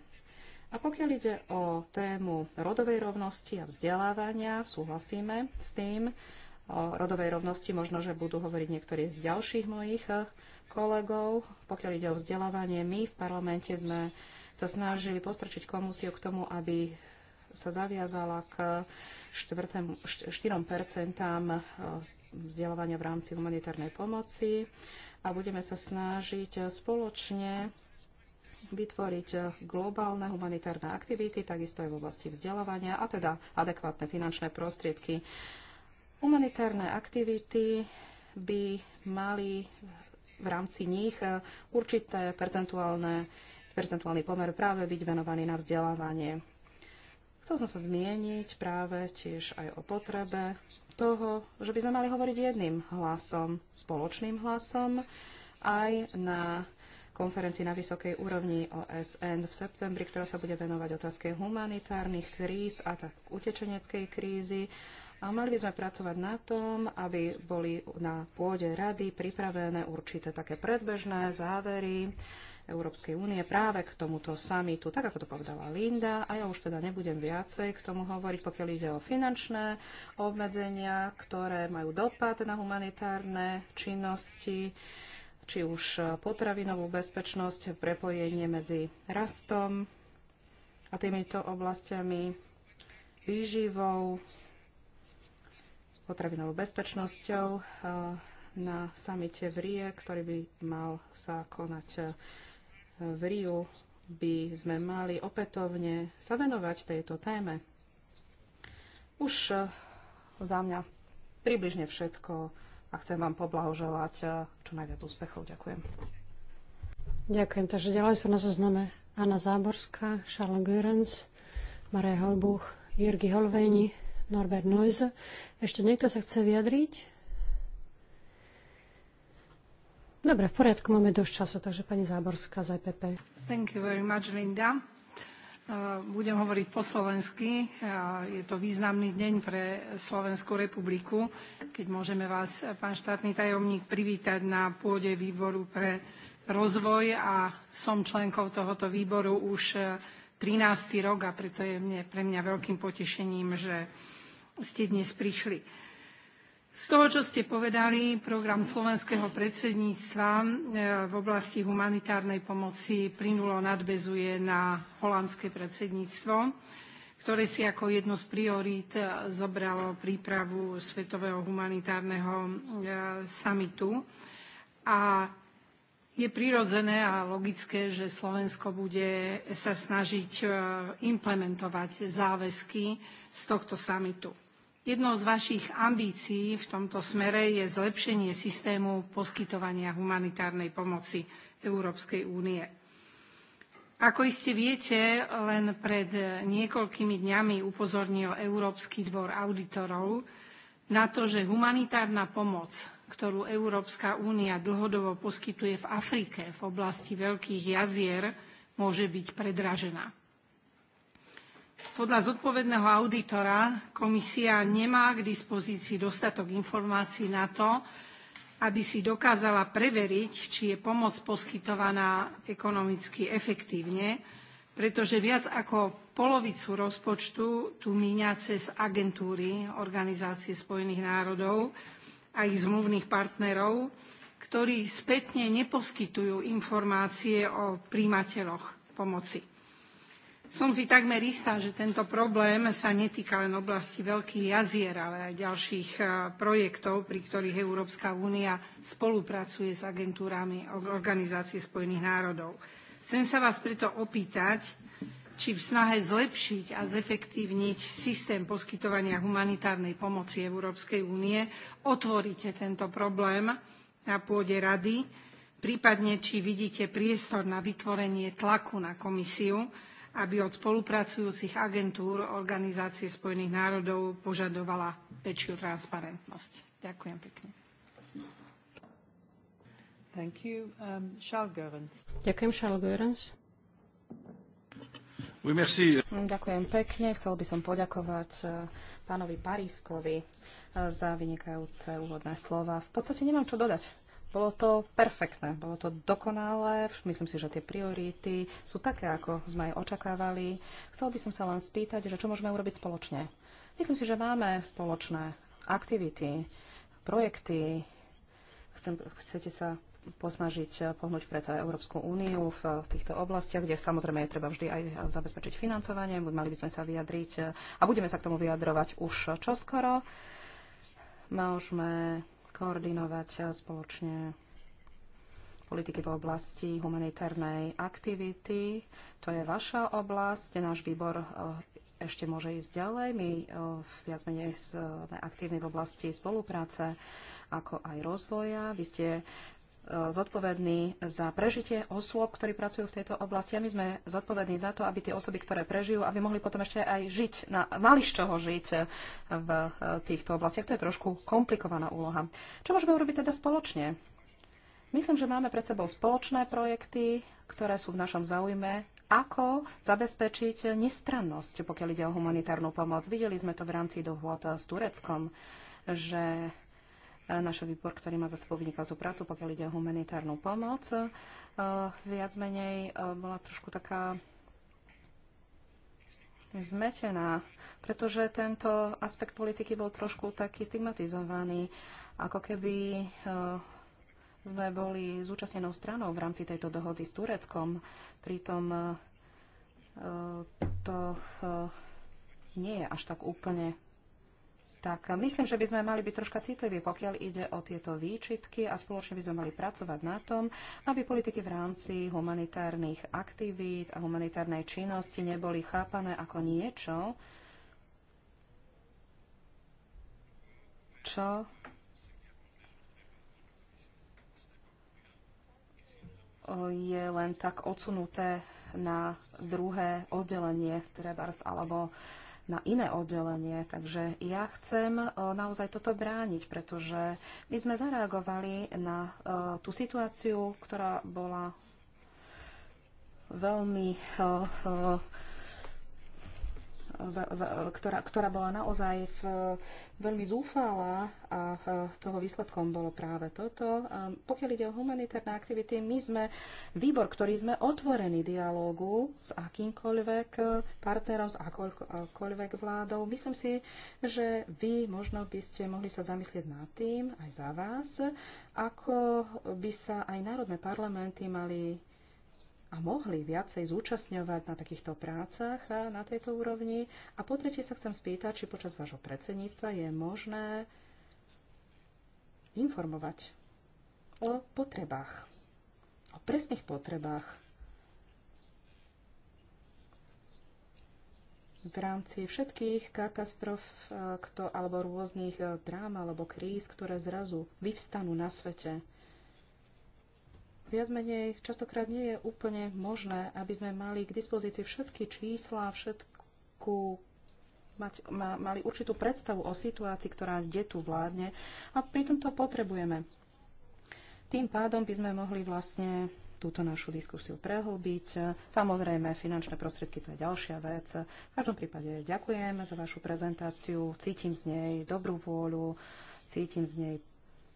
A pokiaľ ide o tému rodovej rovnosti a vzdelávania, súhlasíme s tým. O rodovej rovnosti možno, že budú hovoriť niektorí z ďalších mojich eh, kolegov. Pokiaľ ide o vzdelávanie, my v parlamente sme sa snažili postrčiť komisiu k tomu, aby sa zaviazala k 4, e, vzdelávania v rámci humanitárnej pomoci a budeme sa snažiť spoločne vytvoriť globálne humanitárne aktivity, takisto aj v oblasti vzdelávania a teda adekvátne finančné prostriedky. Humanitárne aktivity by mali v rámci nich určité percentuálne, percentuálny pomer práve byť venovaný na vzdelávanie. Chcel som sa zmieniť práve tiež aj o potrebe toho, že by sme mali hovoriť jedným hlasom, spoločným hlasom, aj na konferencii na vysokej úrovni OSN v septembri, ktorá sa bude venovať otázke humanitárnych kríz a tak utečeneckej krízy. A mali by sme pracovať na tom, aby boli na pôde rady pripravené určité také predbežné závery, Európskej únie práve k tomuto samitu, tak ako to povedala Linda. A ja už teda nebudem viacej k tomu hovoriť, pokiaľ ide o finančné obmedzenia, ktoré majú dopad na humanitárne činnosti či už potravinovú bezpečnosť, prepojenie medzi rastom a týmito oblastiami, výživou, potravinovou bezpečnosťou eh, na samite v Rie, ktorý by mal sa konať eh, v Riu by sme mali opätovne sa venovať tejto téme. Už eh, za mňa približne všetko a chcem vám poblahoželať eh, čo najviac úspechov. Ďakujem. Ďakujem. Takže ďalej sú na zozname Anna Záborská, Charles Görens, Maria Holbuch, Jirgi Holvejni, Norbert Neuse. Ešte niekto sa chce vyjadriť? Dobre, v poriadku, máme dosť času, takže pani Záborská z IPP. E Thank you very much, Linda. Uh, budem hovoriť po slovensky. Uh, je to významný deň pre Slovenskú republiku, keď môžeme vás, pán štátny tajomník, privítať na pôde výboru pre rozvoj a som členkou tohoto výboru už 13. Uh, rok a preto je mne, pre mňa veľkým potešením, že ste dnes prišli z toho, čo ste povedali, program slovenského predsedníctva e, v oblasti humanitárnej pomoci plynulo nadvezuje na holandské predsedníctvo, ktoré si ako jednu z priorít e, zobralo prípravu Svetového humanitárneho e, samitu. A je prirodzené a logické, že Slovensko bude sa snažiť implementovať záväzky z tohto samitu Jednou z vašich ambícií v tomto smere je zlepšenie systému poskytovania humanitárnej pomoci Európskej únie. Ako iste viete, len pred niekoľkými dňami upozornil Európsky dvor auditorov na to, že humanitárna pomoc, ktorú Európska únia dlhodobo poskytuje v Afrike v oblasti veľkých jazier, môže byť predražená podľa zodpovedného auditora komisia nemá k dispozícii dostatok informácií na to, aby si dokázala preveriť, či je pomoc poskytovaná ekonomicky efektívne, pretože viac ako polovicu rozpočtu tu míňa cez agentúry Organizácie spojených národov a ich zmluvných partnerov, ktorí spätne neposkytujú informácie o prijímateľoch pomoci som si takmer istá, že tento problém sa netýka len oblasti Veľkých jazier, ale aj ďalších e, projektov, pri ktorých Európska únia spolupracuje s agentúrami Organizácie spojených národov. Chcem sa vás preto opýtať, či v snahe zlepšiť a zefektívniť systém poskytovania humanitárnej pomoci Európskej únie otvoríte tento problém na pôde Rady, prípadne či vidíte priestor na vytvorenie tlaku na komisiu, aby od spolupracujúcich agentúr Organizácie spojených národov požadovala väčšiu transparentnosť. Ďakujem pekne. Um, Ďakujem, oui, Ďakujem pekne. Chcel by som poďakovať uh, pánovi Parískovi uh, za vynikajúce úvodné slova. V podstate nemám čo dodať. Bolo to perfektné, bolo to dokonalé, myslím si, že tie priority sú také, ako sme aj očakávali. Chcel by som sa len spýtať, že čo môžeme urobiť spoločne. Myslím si, že máme spoločné aktivity, projekty. Chcem, chcete sa posnažiť pohnúť pre Európsku úniu v týchto oblastiach, kde samozrejme je treba vždy aj zabezpečiť financovanie. Mali by sme sa vyjadriť a budeme sa k tomu vyjadrovať už čoskoro. Môžeme koordinovať spoločne politiky v oblasti humanitárnej aktivity. To je vaša oblasť, náš výbor eh, ešte môže ísť ďalej. My eh, viac menej sme aktívni v oblasti spolupráce ako aj rozvoja. Vy ste zodpovední za prežitie osôb, ktorí pracujú v tejto oblasti a my sme zodpovední za to, aby tie osoby, ktoré prežijú, aby mohli potom ešte aj žiť, na, mali z čoho žiť v týchto oblastiach. To je trošku komplikovaná úloha. Čo môžeme urobiť teda spoločne? Myslím, že máme pred sebou spoločné projekty, ktoré sú v našom záujme ako zabezpečiť nestrannosť, pokiaľ ide o humanitárnu pomoc. Videli sme to v rámci dohôd s Tureckom, že náš výbor, ktorý má za sebou vynikajúcu prácu, pokiaľ ide o humanitárnu pomoc. Eh, viac menej eh, bola trošku taká zmetená, pretože tento aspekt politiky bol trošku taký stigmatizovaný, ako keby eh, sme boli zúčastnenou stranou v rámci tejto dohody s Tureckom. Pritom to nie je až tak úplne tak myslím, že by sme mali byť troška citliví, pokiaľ ide o tieto výčitky a spoločne by sme mali pracovať na tom, aby politiky v rámci humanitárnych aktivít a humanitárnej činnosti neboli chápané ako niečo, čo je len tak odsunuté na druhé oddelenie, trebárs, teda alebo uh, na iné oddelenie. Takže ja chcem e, naozaj toto brániť, pretože my sme zareagovali na e, tú situáciu, ktorá bola veľmi e, v, v, ktorá, ktorá bola naozaj v, veľmi zúfala a toho výsledkom bolo práve toto. Ehm, pokiaľ ide o humanitárne aktivity, my sme výbor, ktorý sme otvorení dialógu s akýmkoľvek e, partnerom, s akoľkoľvek vládou. Myslím si, že vy možno by ste mohli sa zamyslieť nad tým, aj za vás, ako by sa aj národné parlamenty mali a mohli viacej zúčastňovať na takýchto prácach eh, na tejto úrovni. A po tretie sa chcem spýtať, či počas vášho predsedníctva je možné informovať o potrebách, o presných potrebách v rámci všetkých katastrof eh, kto, alebo rôznych drám eh, alebo kríz, ktoré zrazu vyvstanú na svete viac menej častokrát nie je úplne možné, aby sme mali k dispozícii všetky čísla, všetku mať, ma, mali určitú predstavu o situácii, ktorá kde tu vládne a pritom to potrebujeme. Tým pádom by sme mohli vlastne túto našu diskusiu prehlbiť. Samozrejme, finančné prostriedky to je ďalšia vec. V každom prípade ďakujem za vašu prezentáciu, cítim z nej dobrú vôľu, cítim z nej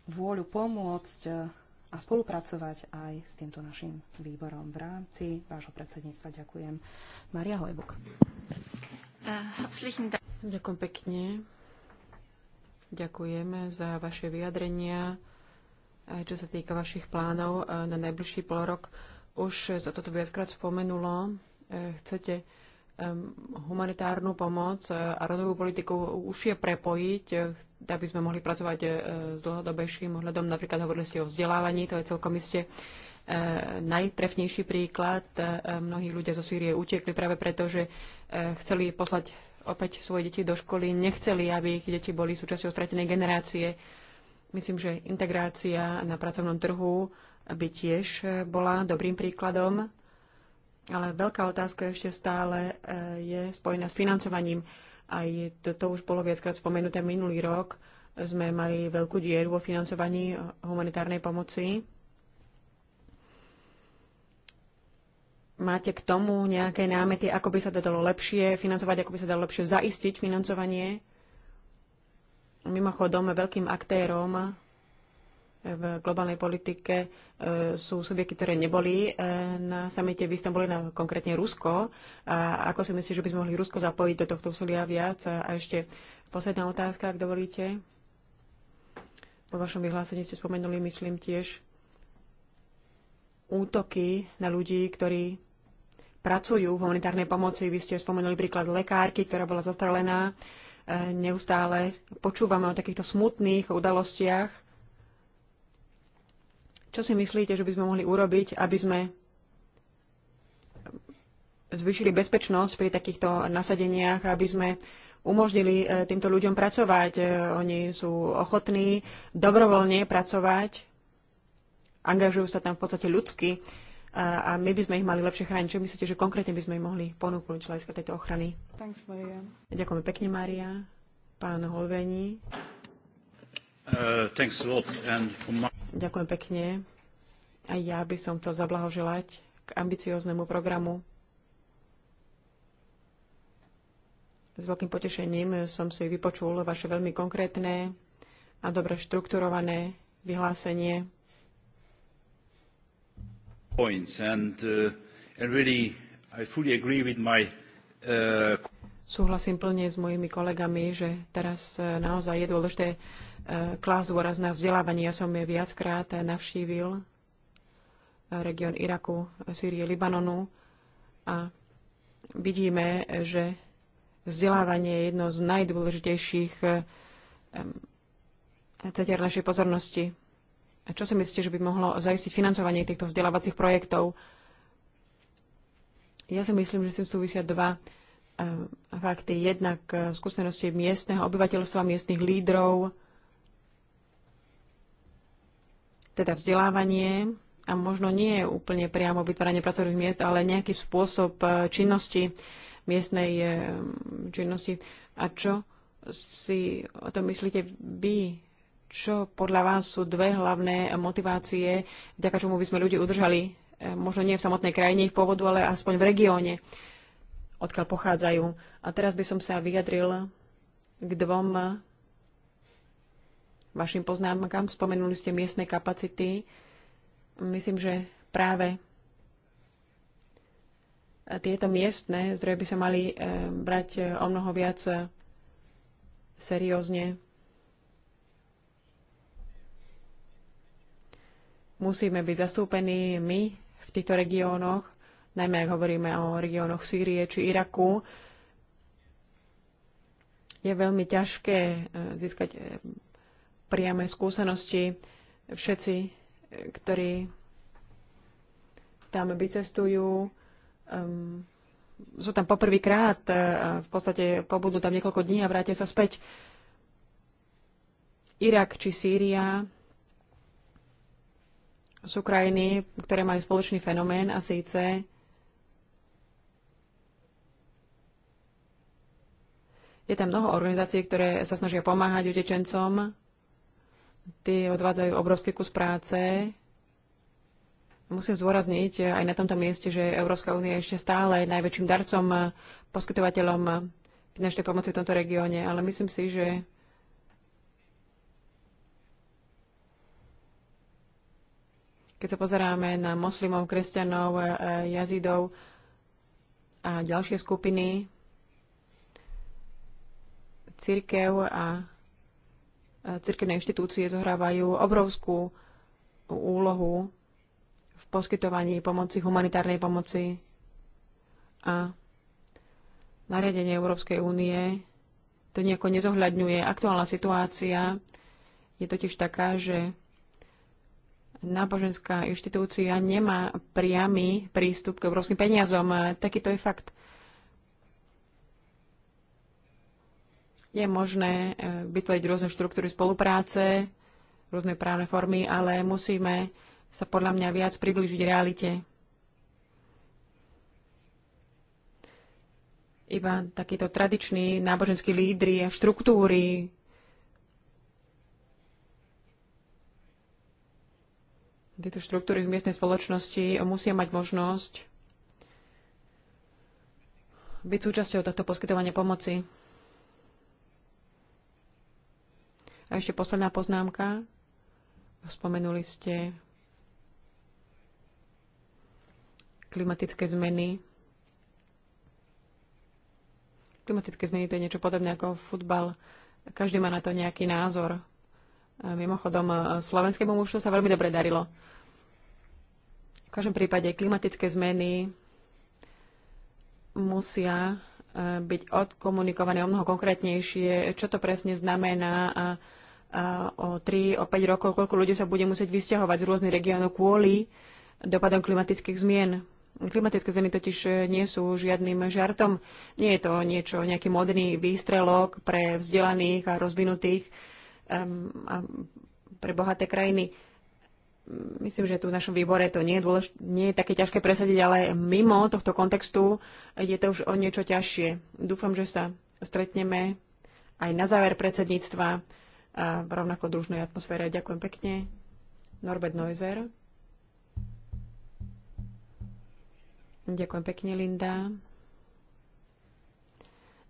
vôľu pomôcť a spolupracovať aj s týmto našim výborom v rámci vášho predsedníctva. Ďakujem. Maria Hojbuk. Eh, Ďakujem pekne. Ďakujeme za vaše vyjadrenia, aj čo sa týka vašich plánov eh, na najbližší rok. Už sa toto viackrát spomenulo. Eh, chcete humanitárnu pomoc e, a rodovú politiku už je prepojiť, e, aby sme mohli pracovať e, s dlhodobejším ohľadom. Napríklad hovorili ste o vzdelávaní, to je celkom iste najtrefnejší príklad. Mnohí ľudia zo Sýrie utekli práve preto, že chceli poslať opäť svoje deti do školy, nechceli, aby ich deti boli súčasťou stratenej generácie. Myslím, že integrácia na pracovnom trhu by tiež bola dobrým príkladom ale veľká otázka ešte stále e, je spojená s financovaním. Aj to, to už bolo viackrát spomenuté minulý rok. Sme mali veľkú dieru o financovaní e, humanitárnej pomoci. Máte k tomu nejaké námety, ako by sa to dalo lepšie financovať, ako by sa dalo lepšie zaistiť financovanie? Mimochodom, veľkým aktérom v globálnej politike e, sú subjekty, ktoré neboli e, na samite v Istambule, na konkrétne Rusko. A ako si myslíš, že by sme mohli Rusko zapojiť do tohto úsilia viac? A ešte posledná otázka, ak dovolíte. Po vašom vyhlásení ste spomenuli, myslím, tiež útoky na ľudí, ktorí pracujú v humanitárnej pomoci. Vy ste spomenuli príklad lekárky, ktorá bola zastrelená. E, neustále počúvame o takýchto smutných udalostiach čo si myslíte, že by sme mohli urobiť, aby sme zvýšili bezpečnosť pri takýchto nasadeniach, aby sme umožnili e, týmto ľuďom pracovať. E, oni sú ochotní dobrovoľne pracovať, angažujú sa tam v podstate ľudsky e, a, my by sme ich mali lepšie chrániť. Čo myslíte, že konkrétne by sme im mohli ponúknuť z hľadiska tejto ochrany? Thanks, Maria. Ďakujeme pekne, Mária. Pán Holvení. Uh, thanks a lot. And for my... Ďakujem pekne. A ja by som to zablahoželať k ambicioznému programu. S veľkým potešením som si vypočul vaše veľmi konkrétne a dobre štrukturované vyhlásenie. Points and, uh, and really I fully agree with my uh... Súhlasím plne s mojimi kolegami, že teraz e, naozaj je dôležité e, klásť dôraz na vzdelávanie. Ja som je viackrát navštívil e, región Iraku, Sýrie, Libanonu a vidíme, že vzdelávanie je jedno z najdôležitejších cetier našej pozornosti. A čo si myslíte, že by mohlo zaistiť financovanie týchto vzdelávacích projektov? Ja si myslím, že si súvisia dva fakty, jednak e, skúsenosti miestneho obyvateľstva, miestnych lídrov, teda vzdelávanie a možno nie je úplne priamo vytváranie pracovných miest, ale nejaký spôsob e, činnosti, miestnej e, činnosti. A čo si o tom myslíte vy? Čo podľa vás sú dve hlavné motivácie, vďaka čomu by sme ľudí udržali, možno nie v samotnej krajine ich pôvodu, ale aspoň v regióne? odkiaľ pochádzajú. A teraz by som sa vyjadril k dvom vašim poznámkam. Spomenuli ste miestne kapacity. Myslím, že práve tieto miestne zdroje by sa mali eh, brať eh, o mnoho viac eh, seriózne. Musíme byť zastúpení my v týchto regiónoch najmä ak hovoríme o regiónoch Sýrie či Iraku, je veľmi ťažké e, získať e, priame skúsenosti. Všetci, e, ktorí tam vycestujú, um, sú tam poprvýkrát, v podstate pobudú tam niekoľko dní a vrátia sa späť. Irak či Sýria sú krajiny, ktoré majú spoločný fenomén a síce Je tam mnoho organizácií, ktoré sa snažia pomáhať utečencom. Tí odvádzajú obrovský kus práce. Musím zdôrazniť aj na tomto mieste, že Európska únia je ešte stále najväčším darcom, poskytovateľom finančnej pomoci v tomto regióne, ale myslím si, že keď sa pozeráme na moslimov, kresťanov, jazidov a ďalšie skupiny, Církev a církevné inštitúcie zohrávajú obrovskú úlohu v poskytovaní pomoci, humanitárnej pomoci a nariadenie Európskej únie to nejako nezohľadňuje. Aktuálna situácia je totiž taká, že náboženská inštitúcia nemá priamy prístup k európskym peniazom. Takýto je fakt. Je možné e, vytvoriť rôzne štruktúry spolupráce, rôzne právne formy, ale musíme sa podľa mňa viac priblížiť realite. Iba takíto tradiční náboženskí lídry a štruktúry tieto štruktúry v miestnej spoločnosti musia mať možnosť byť súčasťou tohto poskytovania pomoci. A ešte posledná poznámka. Spomenuli ste klimatické zmeny. Klimatické zmeny to je niečo podobné ako futbal. Každý má na to nejaký názor. Mimochodom, e, slovenskému mužstvu sa veľmi dobre darilo. V každom prípade klimatické zmeny musia e, byť odkomunikované o mnoho konkrétnejšie, čo to presne znamená a o 3, o 5 rokov, koľko ľudí sa bude musieť vysťahovať z rôznych regiónov kvôli dopadom klimatických zmien. Klimatické zmeny totiž e, nie sú žiadnym žartom. Nie je to niečo, nejaký moderný výstrelok pre vzdelaných a rozvinutých um, a pre bohaté krajiny. Myslím, že tu v našom výbore to nie je, dôlež- nie je také ťažké presadiť, ale mimo tohto kontextu je to už o niečo ťažšie. Dúfam, že sa stretneme aj na záver predsedníctva a v rovnako družnej atmosfére. Ďakujem pekne. Norbert Neuser. Ďakujem pekne, Linda.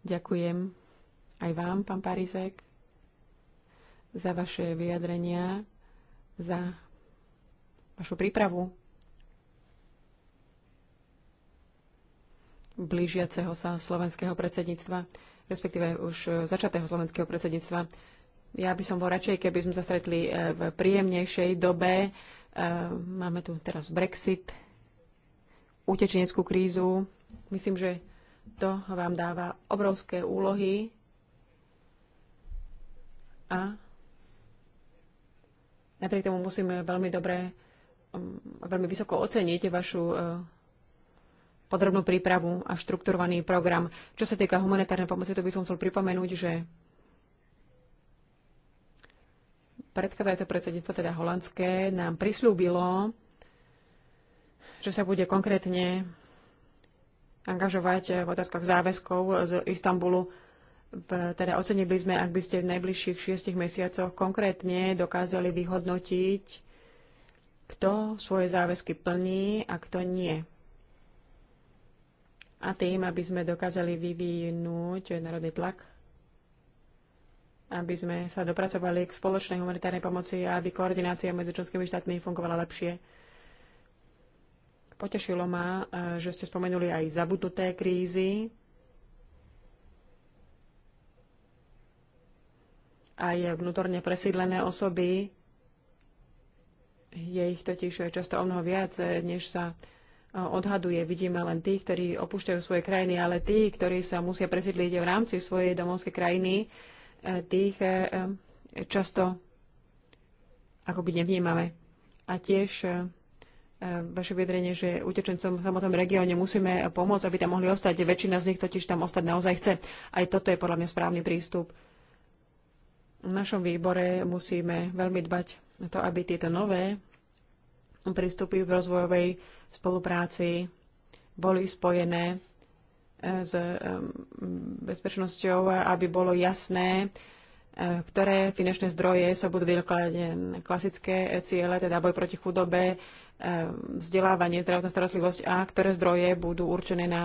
Ďakujem aj vám, pán Parizek, za vaše vyjadrenia, za vašu prípravu blížiaceho sa slovenského predsedníctva, respektíve už začatého slovenského predsedníctva. Ja by som bol radšej, keby sme sa stretli e, v príjemnejšej dobe. E, máme tu teraz Brexit, utečeneckú krízu. Myslím, že to vám dáva obrovské úlohy a napriek tomu musíme veľmi dobre, veľmi vysoko oceniť vašu e, podrobnú prípravu a štrukturovaný program. Čo sa týka humanitárnej pomoci, to by som chcel pripomenúť, že predchádzajúce predsedníctvo, teda holandské, nám prislúbilo, že sa bude konkrétne angažovať v otázkach záväzkov z Istanbulu. Teda ocenili sme, ak by ste v najbližších šiestich mesiacoch konkrétne dokázali vyhodnotiť, kto svoje záväzky plní a kto nie. A tým, aby sme dokázali vyvinúť národný tlak aby sme sa dopracovali k spoločnej humanitárnej pomoci a aby koordinácia medzi členskými štátmi fungovala lepšie. Potešilo ma, e, že ste spomenuli aj zabudnuté krízy. Aj vnútorne presídlené osoby. Je ich totiž často o mnoho viac, e, než sa e, odhaduje. Vidíme len tých, ktorí opúšťajú svoje krajiny, ale tí, ktorí sa musia presídliť v rámci svojej domovskej krajiny, tých eh, eh, často akoby nevnímame. A tiež eh, vaše vyjadrenie, že utečencom v samotnom regióne musíme pomôcť, aby tam mohli ostať. Väčšina z nich totiž tam ostať naozaj chce. Aj toto je podľa mňa správny prístup. V našom výbore musíme veľmi dbať na to, aby tieto nové prístupy v rozvojovej spolupráci boli spojené s eh, bezpečnosťou, aby bolo jasné, eh, ktoré finančné zdroje sa budú vykladené. Klasické ciele, teda boj proti chudobe, eh, vzdelávanie, zdravotná starostlivosť a ktoré zdroje budú určené na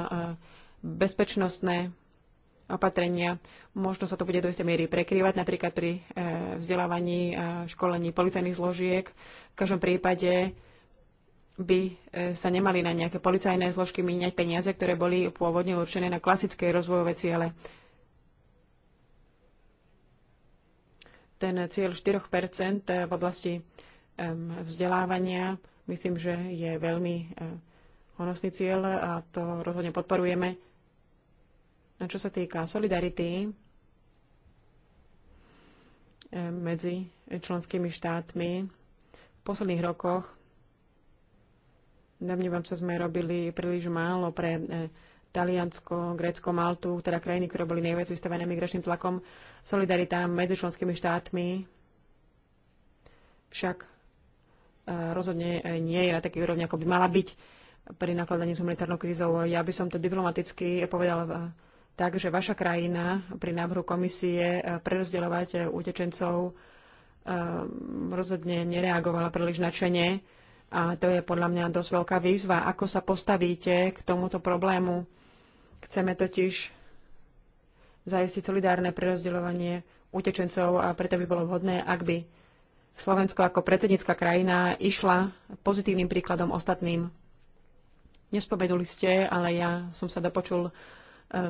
bezpečnostné opatrenia. Možno sa to bude do istej miery prekrývať, napríklad pri vzdelávaní a školení policajných zložiek. V každom prípade by e, sa nemali na nejaké policajné zložky míňať peniaze, ktoré boli pôvodne určené na klasické rozvojové ciele. Ten cieľ 4 e, v oblasti e, vzdelávania, myslím, že je veľmi honosný cieľ a to rozhodne podporujeme. A čo sa týka solidarity medzi členskými štátmi, v posledných rokoch Domnívam sa, sme robili príliš málo pre e, Taliansko, Grécko, Maltu, teda krajiny, ktoré boli najviac vystavené migračným tlakom. Solidarita medzi členskými štátmi však e, rozhodne e, nie je na taký úrovni, ako by mala byť pri nakladaní s humanitárnou krízou. Ja by som to diplomaticky povedal tak, že vaša krajina pri návrhu komisie prerozdeľovať utečencov rozhodne nereagovala príliš načene a to je podľa mňa dosť veľká výzva, ako sa postavíte k tomuto problému. Chceme totiž zajistiť solidárne prerozdeľovanie utečencov a preto by bolo vhodné, ak by Slovensko ako predsednícka krajina išla pozitívnym príkladom ostatným. Nespomenuli ste, ale ja som sa dopočul eh,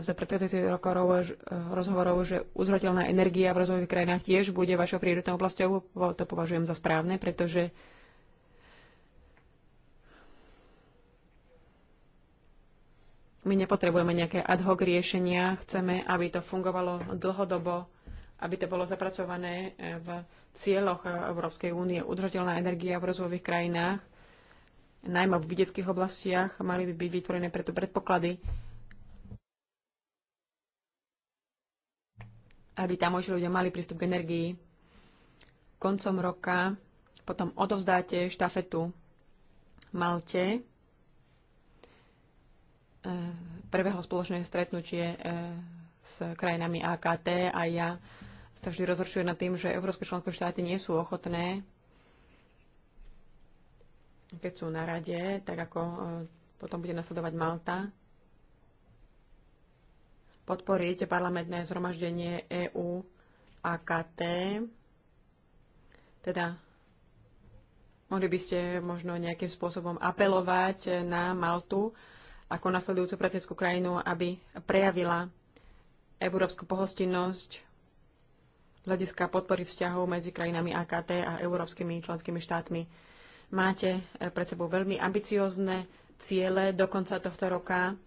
za predchádzajúcich rokov eh, rozhovorov, že uzrotelná energia v rozvojových krajinách tiež bude vašou prioritnou oblasťou. To považujem za správne, pretože My nepotrebujeme nejaké ad hoc riešenia, chceme, aby to fungovalo dlhodobo, aby to bolo zapracované eh, v cieľoch eh, Európskej únie. Udržateľná energia v rozvojových krajinách, najmä v vidieckých oblastiach, mali by byť vytvorené preto predpoklady, aby tam už ľudia mali prístup k energii. Koncom roka potom odovzdáte štafetu Malte, Eh, prebehlo spoločné stretnutie eh, s krajinami AKT a ja sa vždy rozhoršujem nad tým, že európske členské štáty nie sú ochotné, keď sú na rade, tak ako eh, potom bude nasledovať Malta, podporiť parlamentné zhromaždenie EU AKT. Teda mohli by ste možno nejakým spôsobom apelovať na Maltu, ako nasledujúcu predsedskú krajinu, aby prejavila európsku pohostinnosť z hľadiska podpory vzťahov medzi krajinami AKT a európskymi členskými štátmi. Máte eh, pred sebou veľmi ambiciozne ciele do konca tohto roka.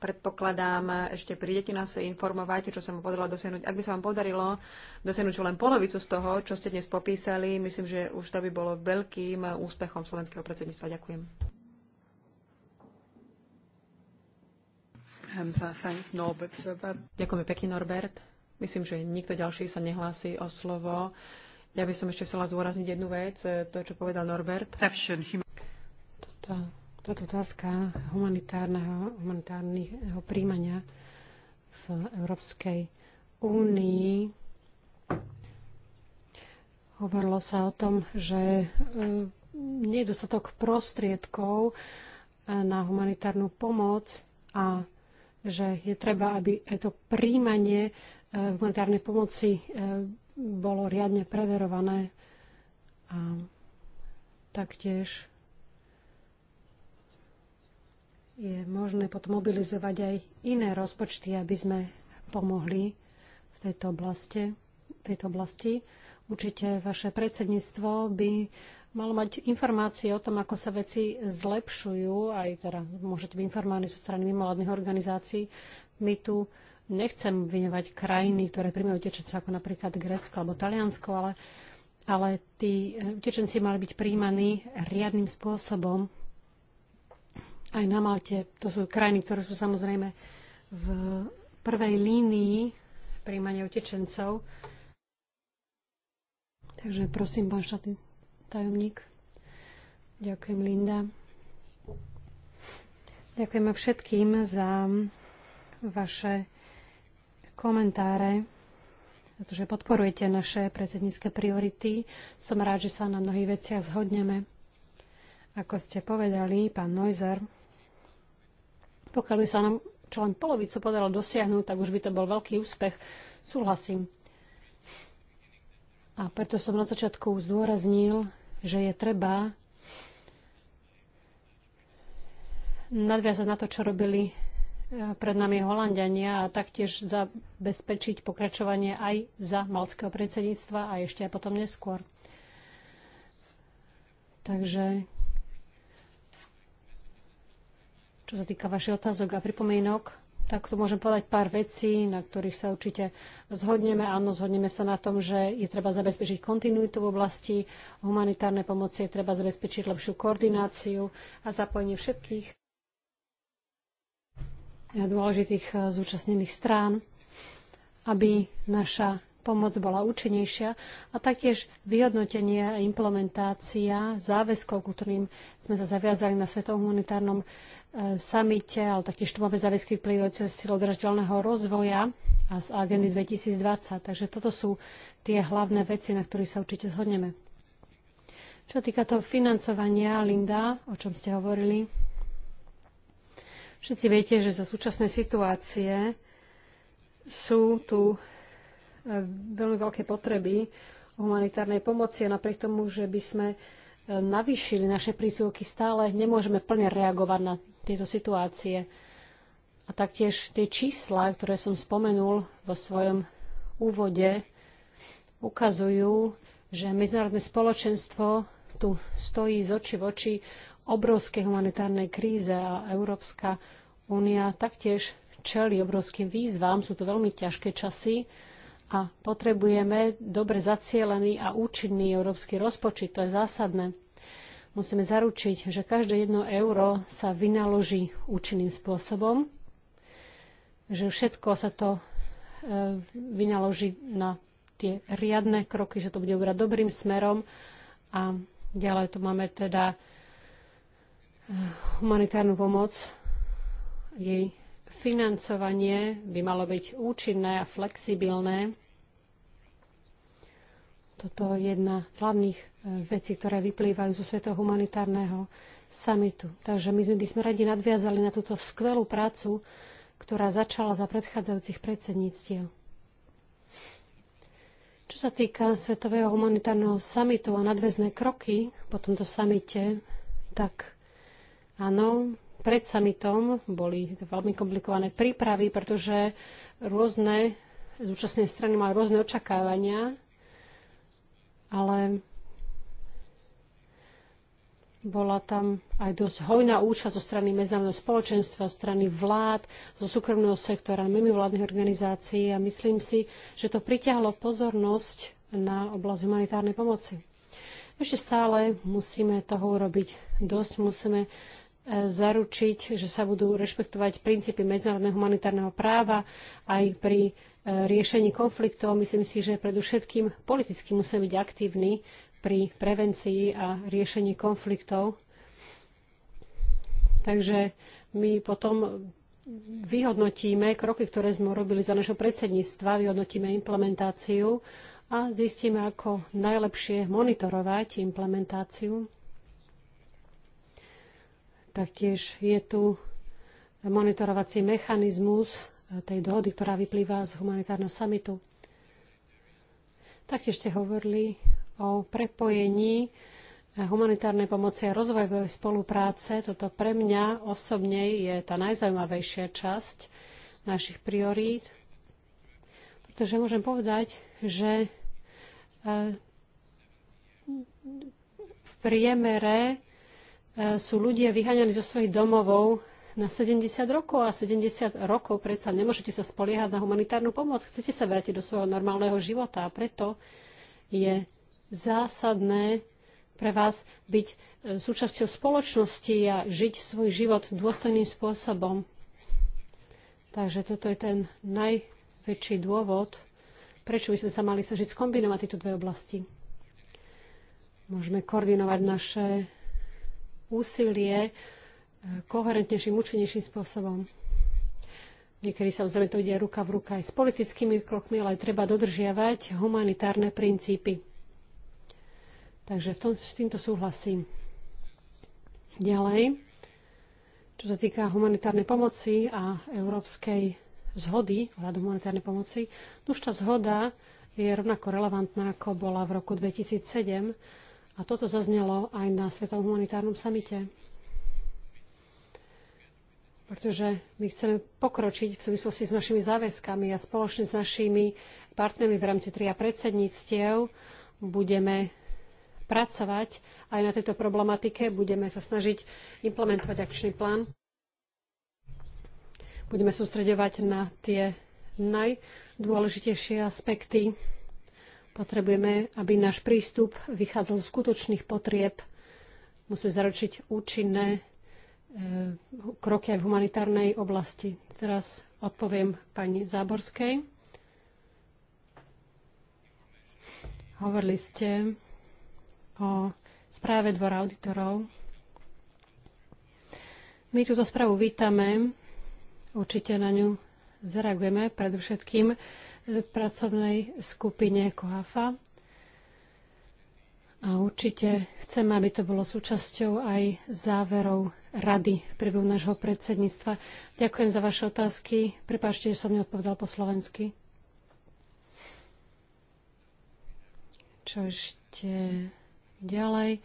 Predpokladám, eh, ešte prídete nás informovať, čo sa vám podarilo dosiahnuť. Ak by sa vám podarilo dosiahnuť len polovicu z toho, čo ste dnes popísali, myslím, že už to by bolo veľkým eh, úspechom slovenského predsedníctva. Ďakujem. Ďakujeme pekne, Norbert. Myslím, že nikto ďalší sa nehlási o slovo. Ja by som ešte chcela zdôrazniť jednu vec, e, to, čo povedal Norbert. Toto, otázka humanitárneho, humanitárneho príjmania v Európskej únii. Hovorilo sa o tom, že nie je dostatok prostriedkov e, na humanitárnu pomoc a že je treba, aby aj to príjmanie e, humanitárnej pomoci e, bolo riadne preverované a taktiež je možné potom mobilizovať aj iné rozpočty, aby sme pomohli v tejto oblasti. V tejto oblasti. Určite vaše predsedníctvo by malo mať informácie o tom, ako sa veci zlepšujú, aj teda môžete byť informovaní zo strany mimovládnych organizácií. My tu nechcem vyňovať krajiny, ktoré príjmajú utečencov, ako napríklad Grécko alebo Taliansko, ale, ale tí eh, utečenci mali byť príjmaní riadnym spôsobom. Aj na Malte, to sú krajiny, ktoré sú samozrejme v prvej línii príjmania utečencov. Takže prosím, pán štátny tajomník. Ďakujem, Linda. Ďakujeme všetkým za vaše komentáre, pretože podporujete naše predsednícke priority. Som rád, že sa na mnohých veciach zhodneme. Ako ste povedali, pán Neuser, pokiaľ by sa nám čo len polovicu podarilo dosiahnuť, tak už by to bol veľký úspech. Súhlasím. A preto som na začiatku zdôraznil, že je treba nadviazať na to, čo robili e, pred nami Holandiania a taktiež zabezpečiť pokračovanie aj za malského predsedníctva a ešte aj potom neskôr. Takže čo sa týka vašich otázok a pripomínok, tak tu môžem povedať pár vecí, na ktorých sa určite zhodneme. Áno, zhodneme sa na tom, že je treba zabezpečiť kontinuitu v oblasti humanitárnej pomoci, je treba zabezpečiť lepšiu koordináciu a zapojenie všetkých dôležitých eh, zúčastnených strán, aby naša pomoc bola účinnejšia a taktiež vyhodnotenie a implementácia záväzkov, ku ktorým sme sa zaviazali na Svetovom humanitárnom e, samite, ale taktiež tu máme záväzky vplyvujúce z cieľodržateľného rozvoja a z agendy 2020. Takže toto sú tie hlavné veci, na ktorých sa určite zhodneme. Čo týka toho financovania, Linda, o čom ste hovorili, všetci viete, že zo súčasnej situácie sú tu veľmi veľké potreby humanitárnej pomoci a napriek tomu, že by sme e, navýšili naše prísilky, stále nemôžeme plne reagovať na tieto situácie. A taktiež tie čísla, ktoré som spomenul vo svojom úvode, ukazujú, že medzinárodné spoločenstvo tu stojí z oči v oči obrovskej humanitárnej kríze a Európska únia taktiež čeli obrovským výzvam. Sú to veľmi ťažké časy a potrebujeme dobre zacielený a účinný európsky rozpočet. To je zásadné. Musíme zaručiť, že každé jedno euro sa vynaloží účinným spôsobom, že všetko sa to e, vynaloží na tie riadne kroky, že to bude obrať dobrým smerom a ďalej tu máme teda e, humanitárnu pomoc. Jej financovanie by malo byť účinné a flexibilné toto je jedna z hlavných e, vecí, ktoré vyplývajú zo Svetého humanitárneho samitu. Takže my by sme radi nadviazali na túto skvelú prácu, ktorá začala za predchádzajúcich predsedníctiev. Čo sa týka Svetového humanitárneho samitu a nadväzné kroky po tomto samite, tak áno, pred samitom boli veľmi komplikované prípravy, pretože rôzne zúčastnené strany mali rôzne očakávania ale bola tam aj dosť hojná účasť zo strany medzinárodného spoločenstva, zo strany vlád, zo súkromného sektora, mimo vládnych organizácií a myslím si, že to pritiahlo pozornosť na oblasť humanitárnej pomoci. Ešte stále musíme toho urobiť dosť, musíme e, zaručiť, že sa budú rešpektovať princípy medzinárodného humanitárneho práva aj pri riešení konfliktov. Myslím si, že predovšetkým politicky musíme byť aktívni pri prevencii a riešení konfliktov. Takže my potom vyhodnotíme kroky, ktoré sme urobili za našho predsedníctva, vyhodnotíme implementáciu a zistíme, ako najlepšie monitorovať implementáciu. Taktiež je tu monitorovací mechanizmus tej dohody, ktorá vyplýva z humanitárneho samitu. Taktiež ste hovorili o prepojení eh, humanitárnej pomoci a rozvojovej spolupráce. Toto pre mňa osobne je tá najzaujímavejšia časť našich priorít, pretože môžem povedať, že eh, v priemere eh, sú ľudia vyháňaní zo svojich domovov na 70 rokov a 70 rokov predsa nemôžete sa spoliehať na humanitárnu pomoc. Chcete sa vrátiť do svojho normálneho života a preto je zásadné pre vás byť e, súčasťou spoločnosti a žiť svoj život dôstojným spôsobom. Takže toto je ten najväčší dôvod, prečo by sme sa mali snažiť skombinovať tieto dve oblasti. Môžeme koordinovať naše úsilie koherentnejším, účinnejším spôsobom. Niekedy samozrejme to ide ruka v ruka aj s politickými krokmi, ale aj treba dodržiavať humanitárne princípy. Takže v tom, s týmto súhlasím. Ďalej, čo sa týka humanitárnej pomoci a európskej zhody ohľadom humanitárnej pomoci, už tá zhoda je rovnako relevantná, ako bola v roku 2007 a toto zaznelo aj na Svetovom humanitárnom samite pretože my chceme pokročiť v súvislosti s našimi záväzkami a spoločne s našimi partnermi v rámci tria predsedníctiev budeme pracovať aj na tejto problematike, budeme sa snažiť implementovať akčný plán. Budeme sústredovať na tie najdôležitejšie aspekty. Potrebujeme, aby náš prístup vychádzal z skutočných potrieb. Musíme zaručiť účinné Eh, kroky aj v humanitárnej oblasti. Teraz odpoviem pani Záborskej. Hovorili ste o správe dvora auditorov. My túto správu vítame, určite na ňu zareagujeme, predovšetkým v eh, pracovnej skupine KOHAFA. A určite chceme, aby to bolo súčasťou aj záverov rady priebehu nášho predsedníctva. Ďakujem za vaše otázky. Prepáčte, že som neodpovedal po slovensky. Čo ešte ďalej?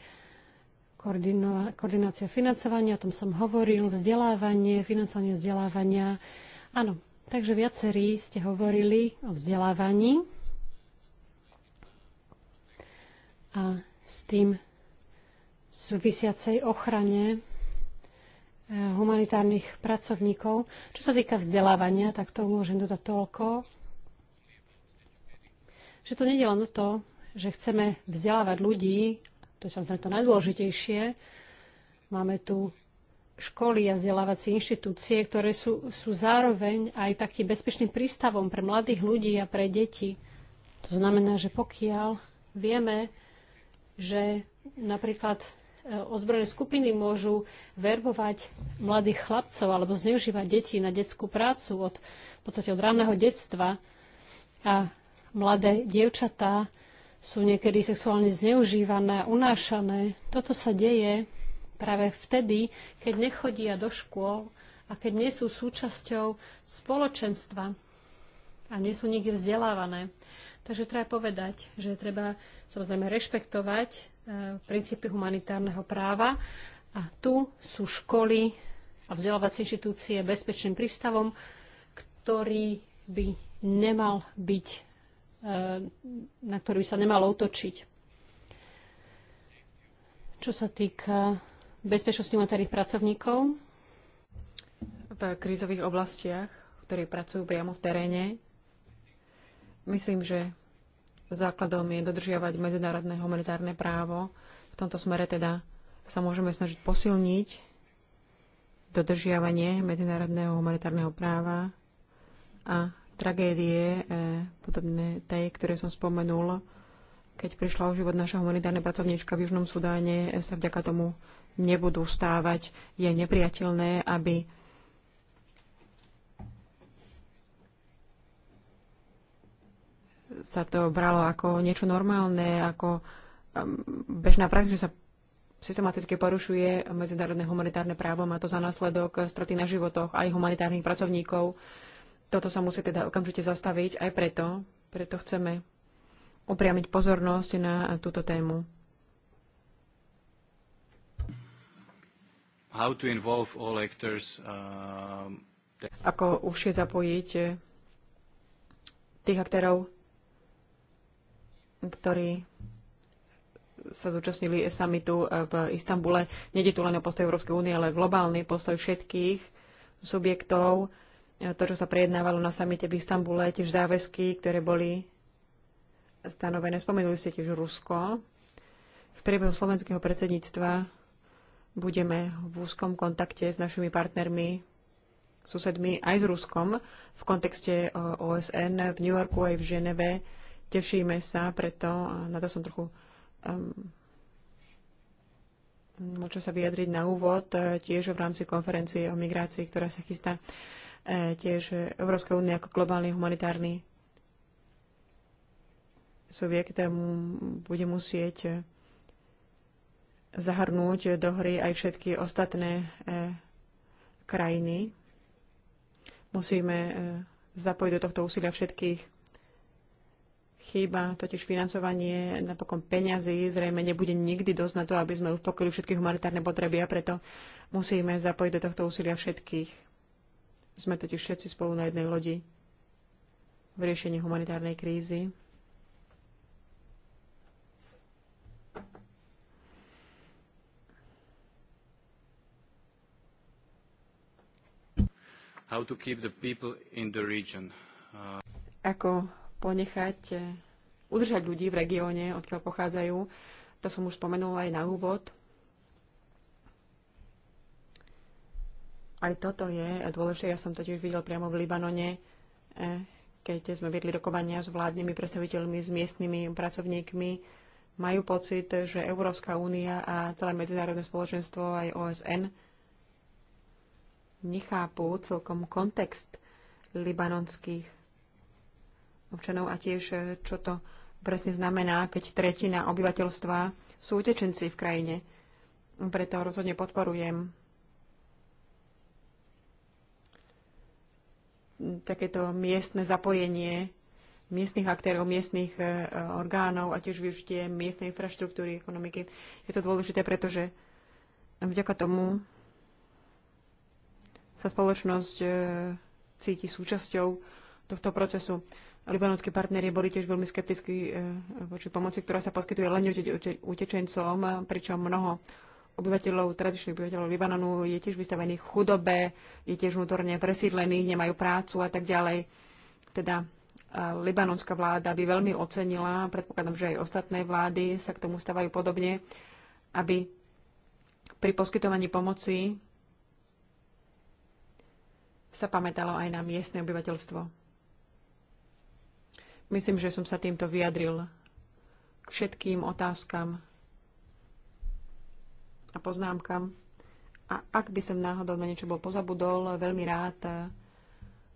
koordinácia financovania, o tom som hovoril, vzdelávanie, financovanie vzdelávania. Áno, takže viacerí ste hovorili o vzdelávaní a s tým súvisiacej ochrane humanitárnych pracovníkov. Čo sa týka vzdelávania, tak to môžem dodať toľko, že to nie na len o to, že chceme vzdelávať ľudí, to je samozrejme to najdôležitejšie. Máme tu školy a vzdelávacie inštitúcie, ktoré sú, sú zároveň aj takým bezpečným prístavom pre mladých ľudí a pre deti. To znamená, že pokiaľ vieme, že napríklad Eh, ozbrojené skupiny môžu verbovať mladých chlapcov alebo zneužívať deti na detskú prácu od, v podstate od ranného detstva. A mladé dievčatá sú niekedy sexuálne zneužívané, unášané. Toto sa deje práve vtedy, keď nechodia do škôl a keď nie sú súčasťou spoločenstva a nie sú nikde vzdelávané. Takže treba povedať, že treba samozrejme rešpektovať princípy humanitárneho práva. A tu sú školy a vzdelávacie inštitúcie bezpečným prístavom, ktorý by nemal byť, e, na ktorý by sa nemalo otočiť. Čo sa týka bezpečnosti humanitárnych pracovníkov? V krízových oblastiach, ktorí pracujú priamo v teréne, myslím, že Základom je dodržiavať medzinárodné humanitárne právo. V tomto smere teda sa môžeme snažiť posilniť dodržiavanie medzinárodného humanitárneho práva a tragédie e, podobné tej, ktoré som spomenul, keď prišla o život naša humanitárna pracovníčka v Južnom Sudáne, e, sa vďaka tomu nebudú stávať. Je nepriateľné, aby sa to bralo ako niečo normálne, ako um, bežná prax, že sa systematicky porušuje medzinárodné humanitárne právo, má to za následok straty na životoch aj humanitárnych pracovníkov. Toto sa musí teda okamžite zastaviť aj preto, preto chceme upriamiť pozornosť na túto tému. How to involve all actors, um, Ako už je zapojiť tých aktérov, ktorí sa zúčastnili samitu v Istambule. Nede tu len o postoj Európskej únie, ale globálny postoj všetkých subjektov. To, čo sa prejednávalo na samite v Istambule, tiež záväzky, ktoré boli stanovené. Spomenuli ste tiež Rusko. V priebehu slovenského predsedníctva budeme v úzkom kontakte s našimi partnermi, susedmi aj s Ruskom v kontexte OSN v New Yorku aj v Ženeve Tešíme sa preto, a na to som trochu um, môžem sa vyjadriť na úvod, e, tiež v rámci konferencie o migrácii, ktorá sa chystá e, tiež Európska únia ako globálny humanitárny subjekt e, bude musieť zahrnúť do hry aj všetky ostatné krajiny. Musíme zapojiť do tohto úsilia všetkých Chýba totiž financovanie napokon peňazí, zrejme nebude nikdy dosť na to, aby sme uspokojili všetky humanitárne potreby a preto musíme zapojiť do tohto úsilia všetkých. Sme totiž všetci spolu na jednej lodi v riešení humanitárnej krízy. How to keep the people in the region. Uh... Ako ponechať, e, udržať ľudí v regióne, odkiaľ pochádzajú. To som už spomenula aj na úvod. Aj toto je dôležité. Ja som to tiež videl priamo v Libanone, e, keď sme viedli rokovania s vládnymi predstaviteľmi, s miestnymi pracovníkmi. Majú pocit, že Európska únia a celé medzinárodné spoločenstvo aj OSN nechápu celkom kontext libanonských občanov a tiež, e, čo to presne znamená, keď tretina obyvateľstva sú utečenci v krajine. Preto rozhodne podporujem takéto miestne zapojenie miestnych aktérov, miestnych e, orgánov a tiež využitie miestnej infraštruktúry, ekonomiky. Je to dôležité, pretože vďaka tomu sa spoločnosť e, cíti súčasťou tohto procesu. Libanonskí partneri boli tiež veľmi skeptickí eh, voči pomoci, ktorá sa poskytuje len utečencom, pričom mnoho obyvateľov, tradičných obyvateľov Libanonu je tiež vystavených chudobe, je tiež vnútorne presídlených, nemajú prácu a tak ďalej. Teda eh, libanonská vláda by veľmi ocenila, predpokladám, že aj ostatné vlády sa k tomu stávajú podobne, aby pri poskytovaní pomoci sa pamätalo aj na miestne obyvateľstvo. Myslím, že som sa týmto vyjadril k všetkým otázkam a poznámkam. A ak by som náhodou na niečo bol pozabudol, veľmi rád eh,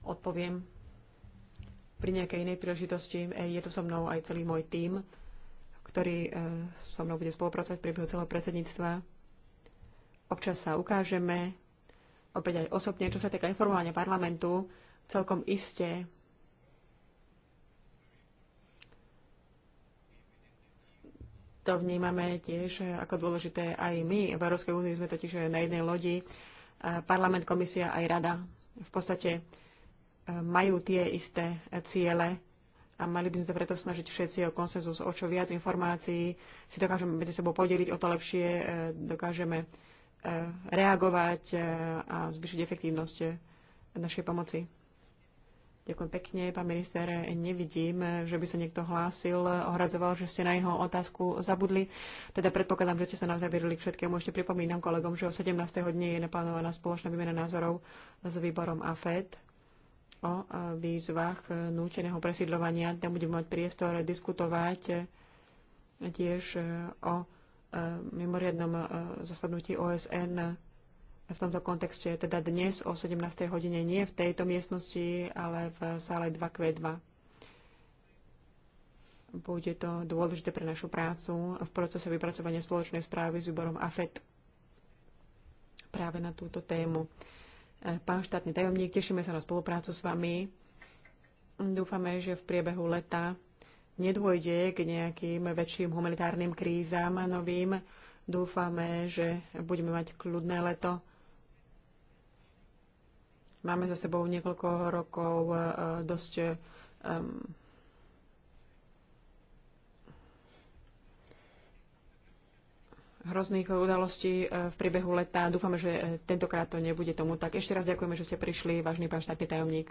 odpoviem pri nejakej inej príležitosti. Eh, je to so mnou aj celý môj tím, ktorý eh, so mnou bude spolupracovať pri priebehu celého predsedníctva. Občas sa ukážeme, opäť aj osobne, čo sa týka informovania parlamentu, celkom iste To vnímame tiež ako dôležité aj my. V Európskej únii sme totiž na jednej lodi. Parlament, komisia aj rada v podstate e, majú tie isté ciele a mali by sme sa preto snažiť všetci o konsenzus, o čo viac informácií si dokážeme medzi sebou podeliť, o to lepšie e, dokážeme e, reagovať a zvyšiť efektívnosť našej pomoci. Ďakujem pekne, pán minister. Nevidím, že by sa niekto hlásil, ohradzoval, že ste na jeho otázku zabudli. Teda predpokladám, že ste sa naozaj vyrili k všetkému. Ešte pripomínam kolegom, že o 17. dne je naplánovaná spoločná výmena názorov s výborom AFED o e, výzvach núteného presídľovania. Tam budeme mať priestor diskutovať e, tiež e, o mimoriadnom zasadnutí OSN v tomto kontexte, teda dnes o 17. hodine, nie v tejto miestnosti, ale v sále 2Q2. Bude to dôležité pre našu prácu v procese vypracovania spoločnej správy s výborom AFET práve na túto tému. Eh, pán štátny tajomník, tešíme sa na spoluprácu s vami. Dúfame, že v priebehu leta nedôjde k nejakým väčším humanitárnym krízam novým. Dúfame, že budeme mať kľudné leto Máme za sebou niekoľko rokov e, dosť um, hrozných udalostí e, v priebehu leta. Dúfame, že tentokrát to nebude tomu tak. Ešte raz ďakujeme, že ste prišli, vážny pán štátny tajomník.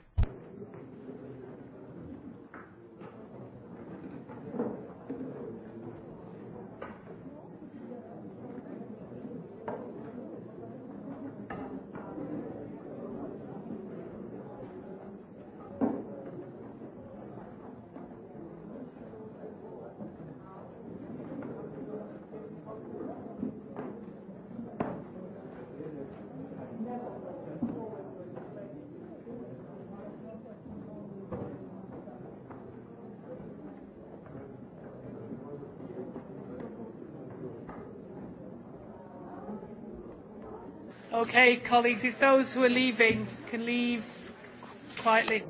Okay, colleagues, if those who are leaving can leave quietly.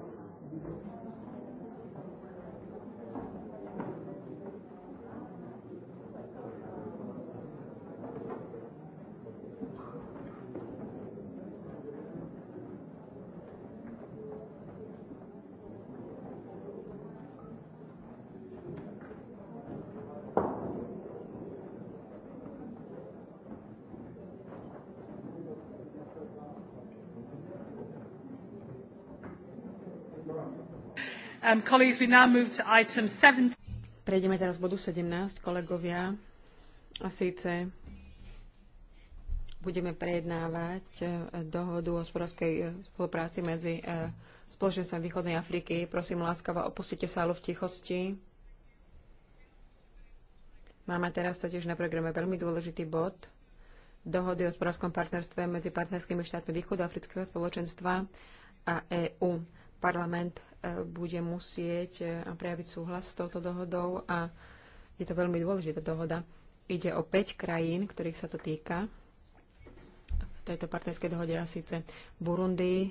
Um, colleagues, we now move to item 17. Prejdeme teraz k bodu 17, kolegovia. A síce budeme prejednávať e, dohodu o hospodárskej e, spolupráci medzi e, spoločenstvom Východnej Afriky. Prosím, láskava, opustite sálu v tichosti. Máme teraz totiž na programe veľmi dôležitý bod dohody o hospodárskom partnerstve medzi partnerskými štátmi Východu Afrického spoločenstva a EÚ. Parlament bude musieť e, prejaviť súhlas s touto dohodou a je to veľmi dôležitá dohoda. Ide o 5 krajín, ktorých sa to týka v tejto partnerskej dohode a síce Burundi, e,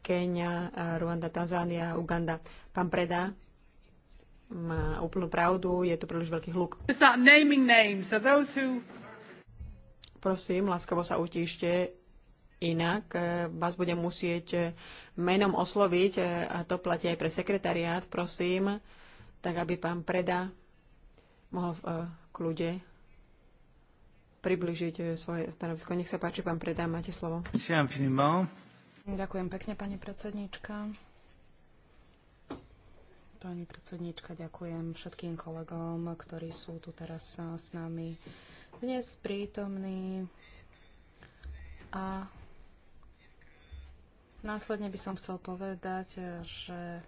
Kenia, e, Ruanda, Tanzánia, Uganda. Pán Preda má úplnú pravdu, je tu príliš veľký hluk. Prosím, láskavo sa utíšte Inak e, vás budem musieť e, menom osloviť, e, a to platí aj pre sekretariát, prosím, tak aby pán Preda mohol v kľude približiť svoje stanovisko. Nech sa páči, pán Preda, máte slovo. Ďakujem pekne, pani predsedníčka. Pani predsedníčka, ďakujem všetkým kolegom, ktorí sú tu teraz s nami dnes prítomní. A Následne by som chcel povedať, že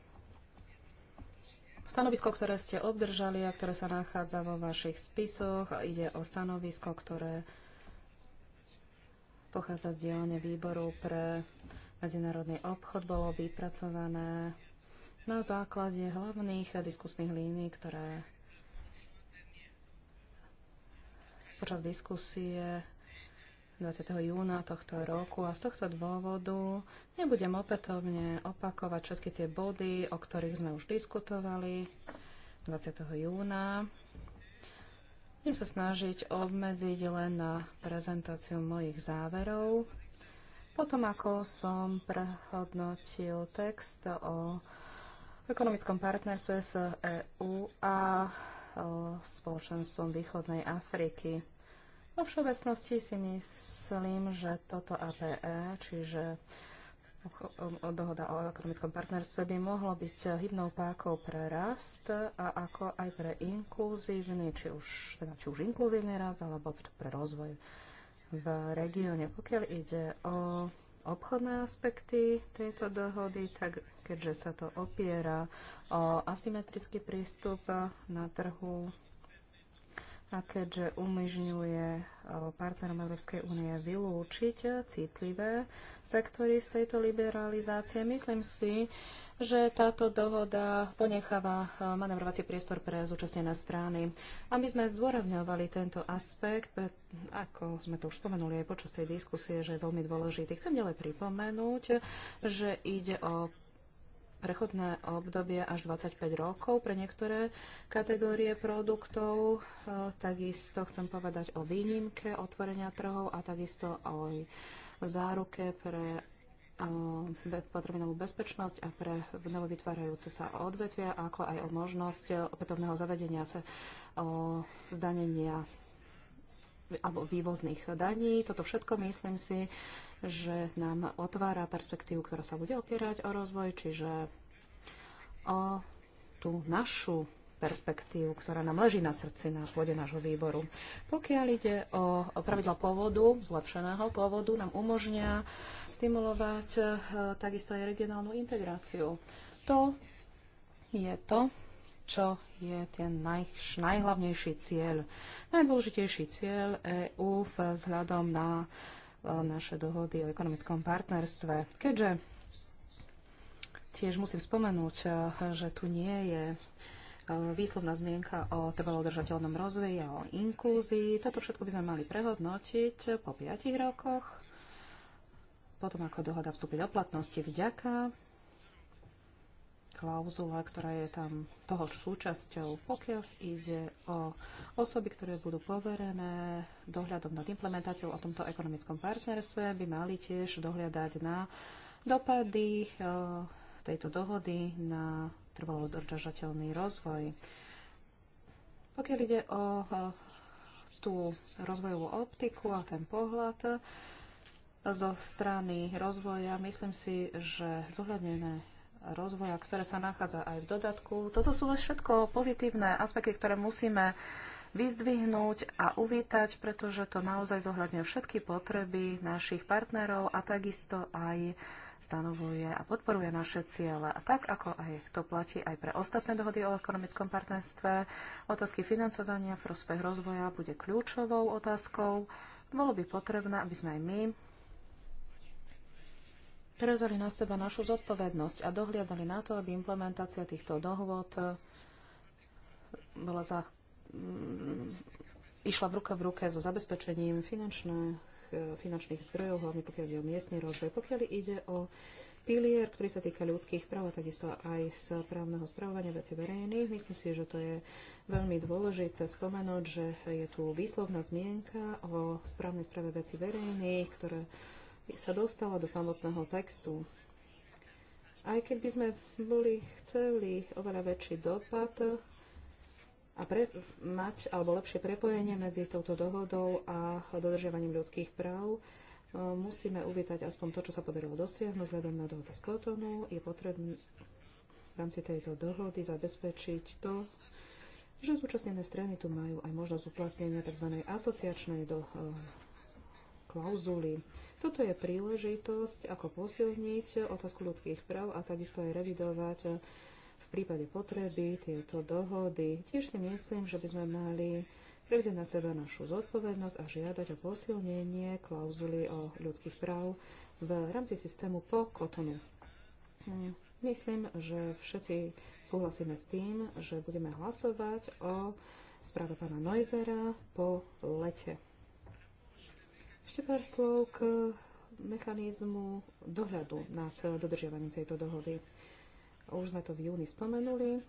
stanovisko, ktoré ste obdržali a ktoré sa nachádza vo vašich spisoch, ide o stanovisko, ktoré pochádza z dielne výboru pre medzinárodný obchod, bolo vypracované na základe hlavných diskusných línií, ktoré počas diskusie 20. júna tohto roku a z tohto dôvodu nebudem opätovne opakovať všetky tie body, o ktorých sme už diskutovali 20. júna. Budem sa snažiť obmedziť len na prezentáciu mojich záverov. Potom, ako som prehodnotil text o ekonomickom partnerstve s EÚ a spoločenstvom východnej Afriky. Vo všeobecnosti si myslím, že toto APE, čiže um, dohoda o ekonomickom partnerstve by mohlo byť hybnou pákou pre rast a ako aj pre inkluzívny, či už, teda, či už inkluzívny rast alebo pre rozvoj v regióne. Pokiaľ ide o obchodné aspekty tejto dohody, tak keďže sa to opiera o asymetrický prístup na trhu a keďže umožňuje e, partnerom Európskej únie vylúčiť citlivé sektory z tejto liberalizácie, myslím si, že táto dohoda ponecháva e, manevrovací priestor pre zúčastnené strany. Aby sme zdôrazňovali tento aspekt, ako sme to už spomenuli aj počas tej diskusie, že je veľmi dôležitý, chcem ďalej pripomenúť, že ide o prechodné obdobie až 25 rokov pre niektoré kategórie produktov. E, takisto chcem povedať o výnimke otvorenia trhov a takisto o záruke pre e, potravinovú bezpečnosť a pre novovytvárajúce sa odvetvia, ako aj o možnosť opätovného zavedenia sa o zdanenia alebo vývozných daní. Toto všetko, myslím si, že nám otvára perspektívu, ktorá sa bude opierať o rozvoj, čiže o tú našu perspektívu, ktorá nám leží na srdci na pôde nášho výboru. Pokiaľ ide o pravidla pôvodu, zlepšeného pôvodu, nám umožňa stimulovať e, takisto aj regionálnu integráciu. To je to, čo je ten naj, najhlavnejší cieľ. Najdôležitejší cieľ EÚ vzhľadom na naše dohody o ekonomickom partnerstve. Keďže tiež musím spomenúť, eh, že tu nie je eh, výslovná zmienka o trvalodržateľnom rozvoji a o inklúzii. Toto všetko by sme mali prehodnotiť po 5 rokoch, potom ako dohoda vstúpi do platnosti vďaka klauzula, ktorá je tam toho súčasťou, pokiaľ ide o osoby, ktoré budú poverené dohľadom nad implementáciou o tomto ekonomickom partnerstve, by mali tiež dohľadať na dopady e, tejto dohody na trvalo držateľný rozvoj. Pokiaľ ide o e, tú rozvojovú optiku a ten pohľad, e, zo strany rozvoja, myslím si, že zohľadnené rozvoja, ktoré sa nachádza aj v dodatku. Toto sú všetko pozitívne aspekty, ktoré musíme vyzdvihnúť a uvítať, pretože to naozaj zohľadňuje všetky potreby našich partnerov a takisto aj stanovuje a podporuje naše ciele. A tak, ako aj to platí aj pre ostatné dohody o ekonomickom partnerstve, otázky financovania v prospech rozvoja bude kľúčovou otázkou. Bolo by potrebné, aby sme aj my prevzali na seba našu zodpovednosť a dohliadali na to, aby implementácia týchto dohôd eh, bola za, mm, išla v ruka v ruke so zabezpečením eh, finančných zdrojov, hlavne pokiaľ ide o miestny rozvoj. Pokiaľ ide o pilier, ktorý sa týka ľudských práv a takisto aj z právneho správania veci verejných. Myslím si, že to je veľmi dôležité spomenúť, že je tu výslovná zmienka o správnej správe veci verejných, ktoré sa dostala do samotného textu. Aj keď by sme boli chceli oveľa väčší dopad a pre, mať alebo lepšie prepojenie medzi touto dohodou a dodržiavaním ľudských práv, e, musíme uvítať aspoň to, čo sa podarilo dosiahnuť vzhľadom na dohodu z Kotonu. Je potrebné v rámci tejto dohody zabezpečiť to, že zúčastnené strany tu majú aj možnosť uplatnenia tzv. asociačnej do, uh, klauzuly. Toto je príležitosť, ako posilniť otázku ľudských práv a takisto aj revidovať v prípade potreby tieto dohody. Tiež si myslím, že by sme mali prevziť na seba našu zodpovednosť a žiadať o posilnenie klauzuly o ľudských práv v rámci systému po kotonu. Hm, myslím, že všetci súhlasíme s tým, že budeme hlasovať o správe pána Neuzera po lete. Ešte pár slov k mechanizmu dohľadu nad dodržiavaním tejto dohody. Už sme to v júni spomenuli.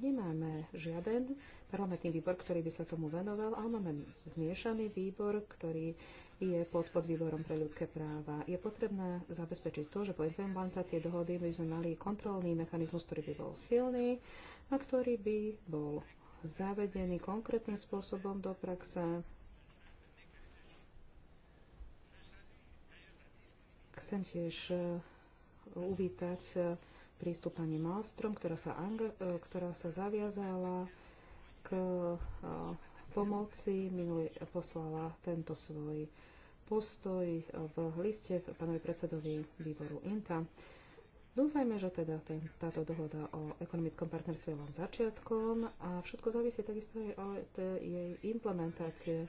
Nemáme žiaden parlamentný výbor, ktorý by sa tomu venoval, ale máme zmiešaný výbor, ktorý je pod podvýborom pre ľudské práva. Je potrebné zabezpečiť to, že po implementácii dohody by sme mali kontrolný mechanizmus, ktorý by bol silný a ktorý by bol zavedený konkrétnym spôsobom do praxe chcem tiež e, uvítať e, prístup pani Malstrom, ktorá sa, e, ktorá sa zaviazala k pomoci. Minulý poslala tento svoj postoj v liste pánovi predsedovi výboru INTA. Dúfajme, že teda ten, táto dohoda o ekonomickom partnerstve je len začiatkom a všetko závisí takisto aj od jej implementácie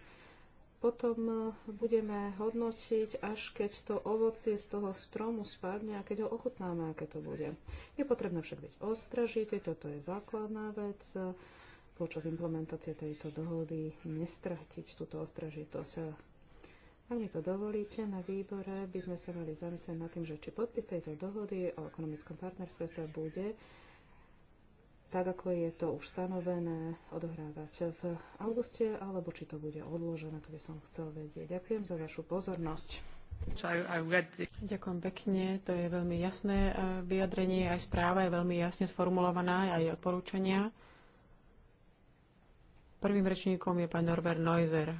potom e, budeme hodnotiť, až keď to ovocie z toho stromu spadne a keď ho ochutnáme, aké to bude. Je potrebné však byť ostražité, toto je základná vec. Počas implementácie tejto dohody nestratiť túto ostražitosť. Ak mi to dovolíte, na výbore by sme sa mali zamyslieť nad tým, že či podpis tejto dohody o ekonomickom partnerstve sa bude tak ako je to už stanovené, odohrávať v auguste, alebo či to bude odložené, to by som chcel vedieť. Ďakujem za vašu pozornosť. Ďakujem pekne, to je veľmi jasné eh, vyjadrenie, aj správa je veľmi jasne sformulovaná, aj odporúčania. Prvým rečníkom je pán Norbert Neuser.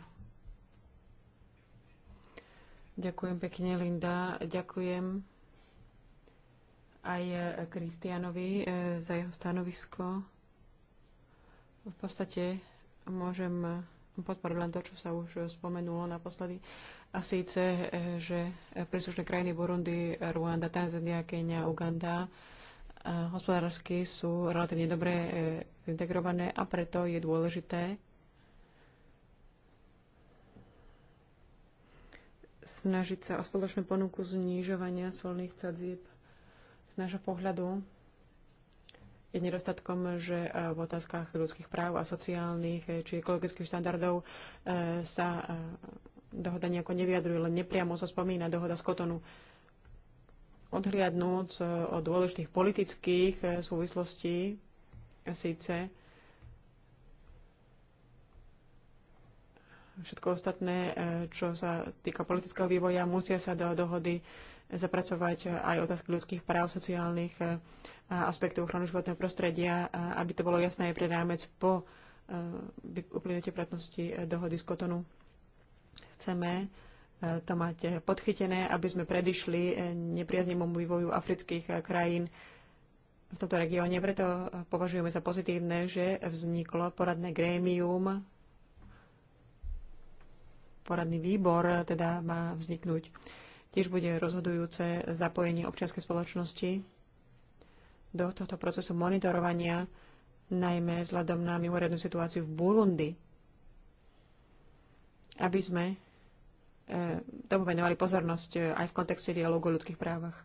Ďakujem pekne, Linda. Ďakujem aj e, Kristianovi e, za jeho stanovisko. V podstate môžem podporiť len to, čo sa už spomenulo naposledy. A síce, e, že príslušné krajiny Burundi, Ruanda, Tanzania, Kenia, Uganda hospodársky sú relatívne dobre zintegrované a preto je dôležité snažiť sa o spoločnú ponuku znižovania solných cadzieb z nášho pohľadu je nedostatkom, že e, v otázkach ľudských práv a sociálnych e, či ekologických štandardov e, sa dohoda nejako nevyjadruje, len nepriamo sa spomína dohoda z Kotonu. Odhliadnúc od dôležitých politických súvislostí, síce všetko ostatné, čo sa týka politického vývoja, musia sa do dohody zapracovať eh, aj otázky ľudských práv, sociálnych eh, aspektov ochrany životného prostredia, eh, aby to bolo jasné aj pre rámec po uplynutí platnosti dohody z Kotonu. Chceme to mať podchytené, aby sme predišli nepriaznemu vývoju afrických krajín v tomto regióne. Preto považujeme za pozitívne, že vzniklo poradné grémium poradný výbor teda má vzniknúť. Tiež bude rozhodujúce zapojenie občianskej spoločnosti do tohto procesu monitorovania, najmä vzhľadom na mimoriadnu situáciu v Burundi, aby sme e, tomu venovali pozornosť e, aj v kontexte dialogu o ľudských právach.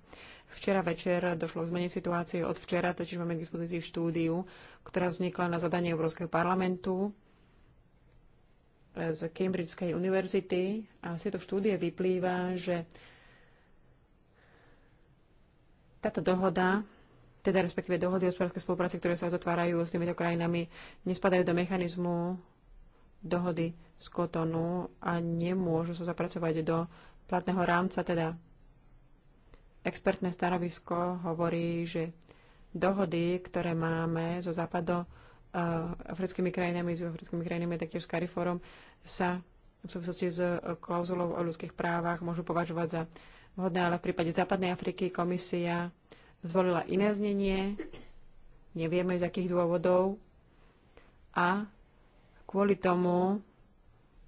Včera večer došlo k zmene situácie. Od včera totiž máme k dispozícii štúdiu, ktorá vznikla na zadanie Európskeho parlamentu e, z Cambridgeskej univerzity. A z tejto štúdie vyplýva, že táto dohoda, teda respektíve dohody o hospodárskej spolupráci, ktoré sa otvárajú s týmito krajinami, nespadajú do mechanizmu dohody z Kotonu a nemôžu sa zapracovať do platného rámca. Teda expertné stanovisko hovorí, že dohody, ktoré máme so západo eh, africkými krajinami, s africkými krajinami, taktiež s Cariforom, sa v súvislosti s klauzulou o ľudských právach môžu považovať za vhodné, ale v prípade Západnej Afriky komisia zvolila iné znenie, nevieme z akých dôvodov a kvôli tomu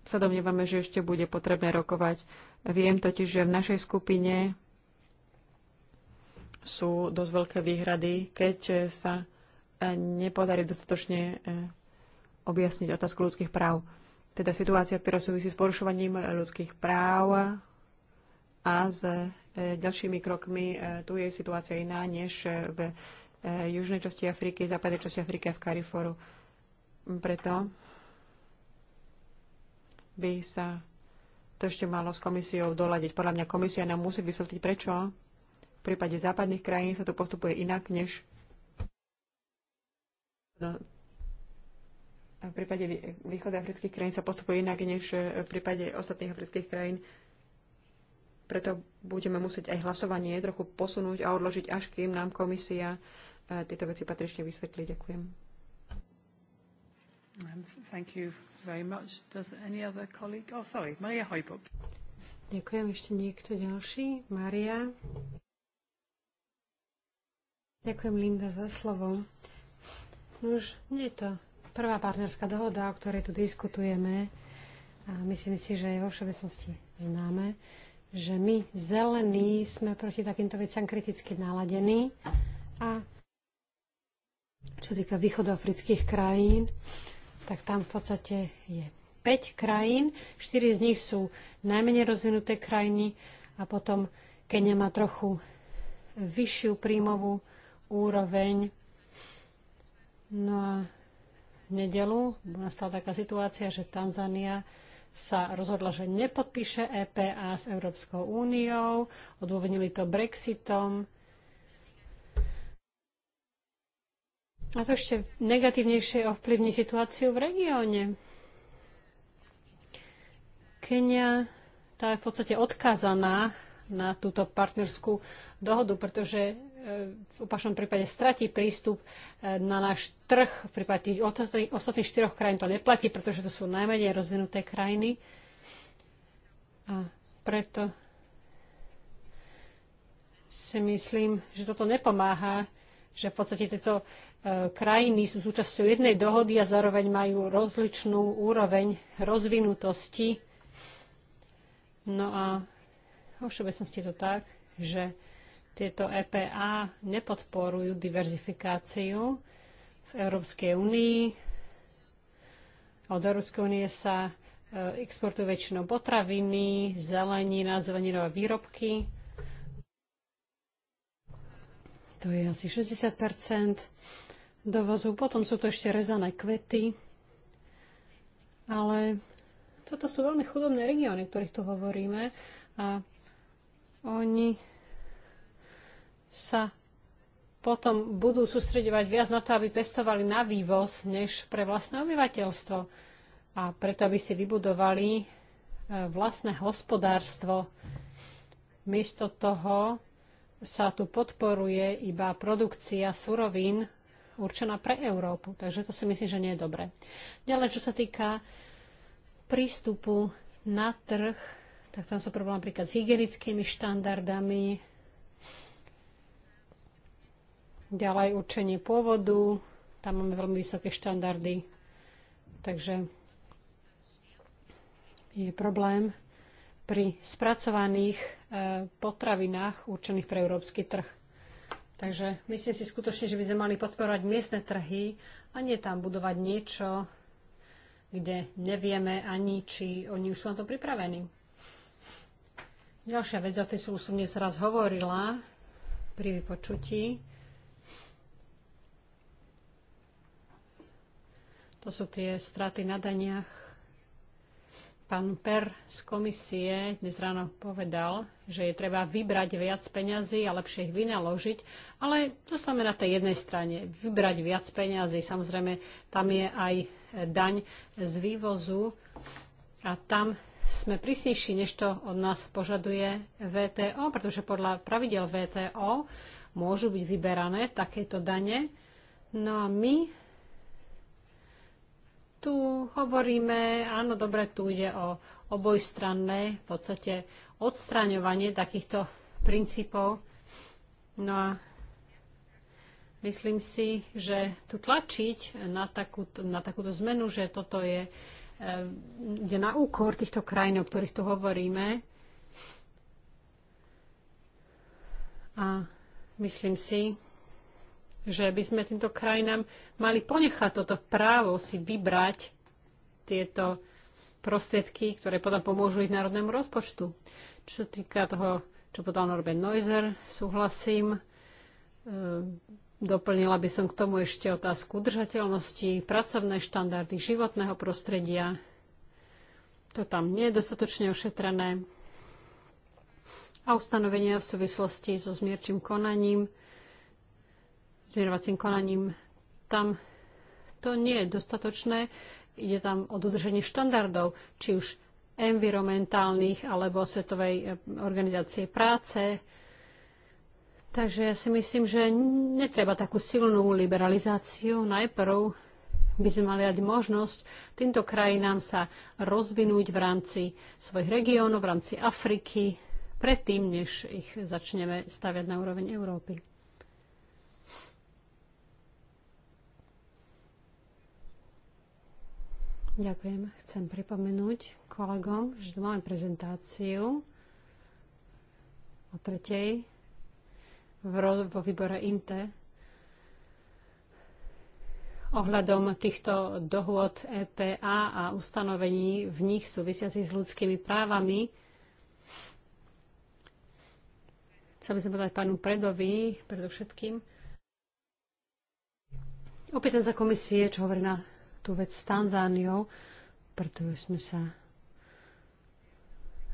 sa domnievame, že ešte bude potrebné rokovať. Viem totiž, že v našej skupine sú dosť veľké výhrady, keď sa e, nepodarí dostatočne e, objasniť otázku ľudských práv. Teda situácia, ktorá súvisí s porušovaním ľudských práv a s e, ďalšími krokmi. E, tu je situácia iná než v e, južnej časti Afriky, západnej časti Afriky a v Kariforu. Preto by sa to ešte malo s komisiou doľadiť. Podľa mňa komisia nám musí vysvetliť, prečo v prípade západných krajín sa to postupuje inak, než no, v prípade afrických krajín sa postupuje inak, než v prípade ostatných afrických krajín. Preto budeme musieť aj hlasovanie trochu posunúť a odložiť, až kým nám komisia e, tieto veci patrične vysvetlí. Ďakujem. Um, thank you very much. Does any other colleague... Oh, sorry, Maria Hojbuk. Ďakujem. Ešte niekto ďalší? Maria? Ďakujem, Linda, za slovo. No už nie je to prvá partnerská dohoda, o ktorej tu diskutujeme a myslím si, že je vo všeobecnosti známe, že my zelení sme proti takýmto veciam kriticky naladení a čo týka východoafrických krajín, tak tam v podstate je 5 krajín, 4 z nich sú najmenej rozvinuté krajiny a potom Kenia má trochu vyššiu príjmovú úroveň. No a v nedelu nastala taká situácia, že Tanzania sa rozhodla, že nepodpíše EPA s Európskou úniou, odôvodnili to Brexitom. A to ešte negatívnejšie ovplyvní situáciu v regióne. Kenia tá je v podstate odkázaná na túto partnerskú dohodu, pretože v opačnom prípade stratí prístup e, na náš trh. V prípade tých ostatných štyroch krajín to neplatí, pretože to sú najmenej rozvinuté krajiny. A preto si myslím, že toto nepomáha, že v podstate tieto e, krajiny sú súčasťou jednej dohody a zároveň majú rozličnú úroveň rozvinutosti. No a vo všeobecnosti je to tak, že tieto EPA nepodporujú diverzifikáciu v Európskej únii. Od Európskej únie sa e, exportujú väčšinou potraviny, zelenina, zeleninové výrobky. To je asi 60 dovozu. Potom sú to ešte rezané kvety. Ale toto sú veľmi chudobné regióny, o ktorých tu hovoríme. A oni sa potom budú sústredovať viac na to, aby pestovali na vývoz, než pre vlastné obyvateľstvo. A preto, aby si vybudovali e, vlastné hospodárstvo. Miesto toho sa tu podporuje iba produkcia surovín určená pre Európu. Takže to si myslím, že nie je dobré. Ďalej, čo sa týka prístupu na trh, tak tam sú problém napríklad s hygienickými štandardami, Ďalej určenie pôvodu, tam máme veľmi vysoké štandardy, takže je problém pri spracovaných e, potravinách určených pre európsky trh. Takže myslím si skutočne, že by sme mali podporovať miestne trhy a nie tam budovať niečo, kde nevieme ani, či oni už sú na to pripravení. Ďalšia vec, o tej som už som dnes raz hovorila pri vypočutí, To sú tie straty na daniach. Pán Per z komisie dnes ráno povedal, že je treba vybrať viac peňazí a lepšie ich vynaložiť, ale to znamená na tej jednej strane. Vybrať viac peňazí, samozrejme, tam je aj daň z vývozu a tam sme prísnejší, než to od nás požaduje VTO, pretože podľa pravidel VTO môžu byť vyberané takéto dane. No a my tu hovoríme, áno, dobre, tu ide o obojstranné, v podstate odstraňovanie takýchto princípov. No a myslím si, že tu tlačiť na, takú, na takúto zmenu, že toto je, je na úkor týchto krajín, o ktorých tu hovoríme. A myslím si, že by sme týmto krajinám mali ponechať toto právo si vybrať tieto prostriedky, ktoré potom pomôžu ich národnému rozpočtu. Čo sa týka toho, čo podal Norbert Neuser, súhlasím. Ehm, doplnila by som k tomu ešte otázku udržateľnosti, pracovné štandardy, životného prostredia. To tam nie je dostatočne ošetrené. A ustanovenia v súvislosti so zmierčím konaním – zmierovacím konaním. Tam to nie je dostatočné. Ide tam o dodrženie štandardov, či už environmentálnych alebo Svetovej eh, organizácie práce. Takže ja si myslím, že netreba takú silnú liberalizáciu. Najprv by sme mali dať možnosť týmto krajinám sa rozvinúť v rámci svojich regiónov, v rámci Afriky, predtým, než ich začneme staviať na úroveň Európy. Ďakujem. Chcem pripomenúť kolegom, že tu máme prezentáciu o tretej vo výbore INTE ohľadom týchto dohôd EPA a ustanovení v nich súvisiacich s ľudskými právami. Chcel by som povedať pánu Predovi predovšetkým. Opäť za komisie, čo hovorí na tú vec s Tanzániou, pretože sme sa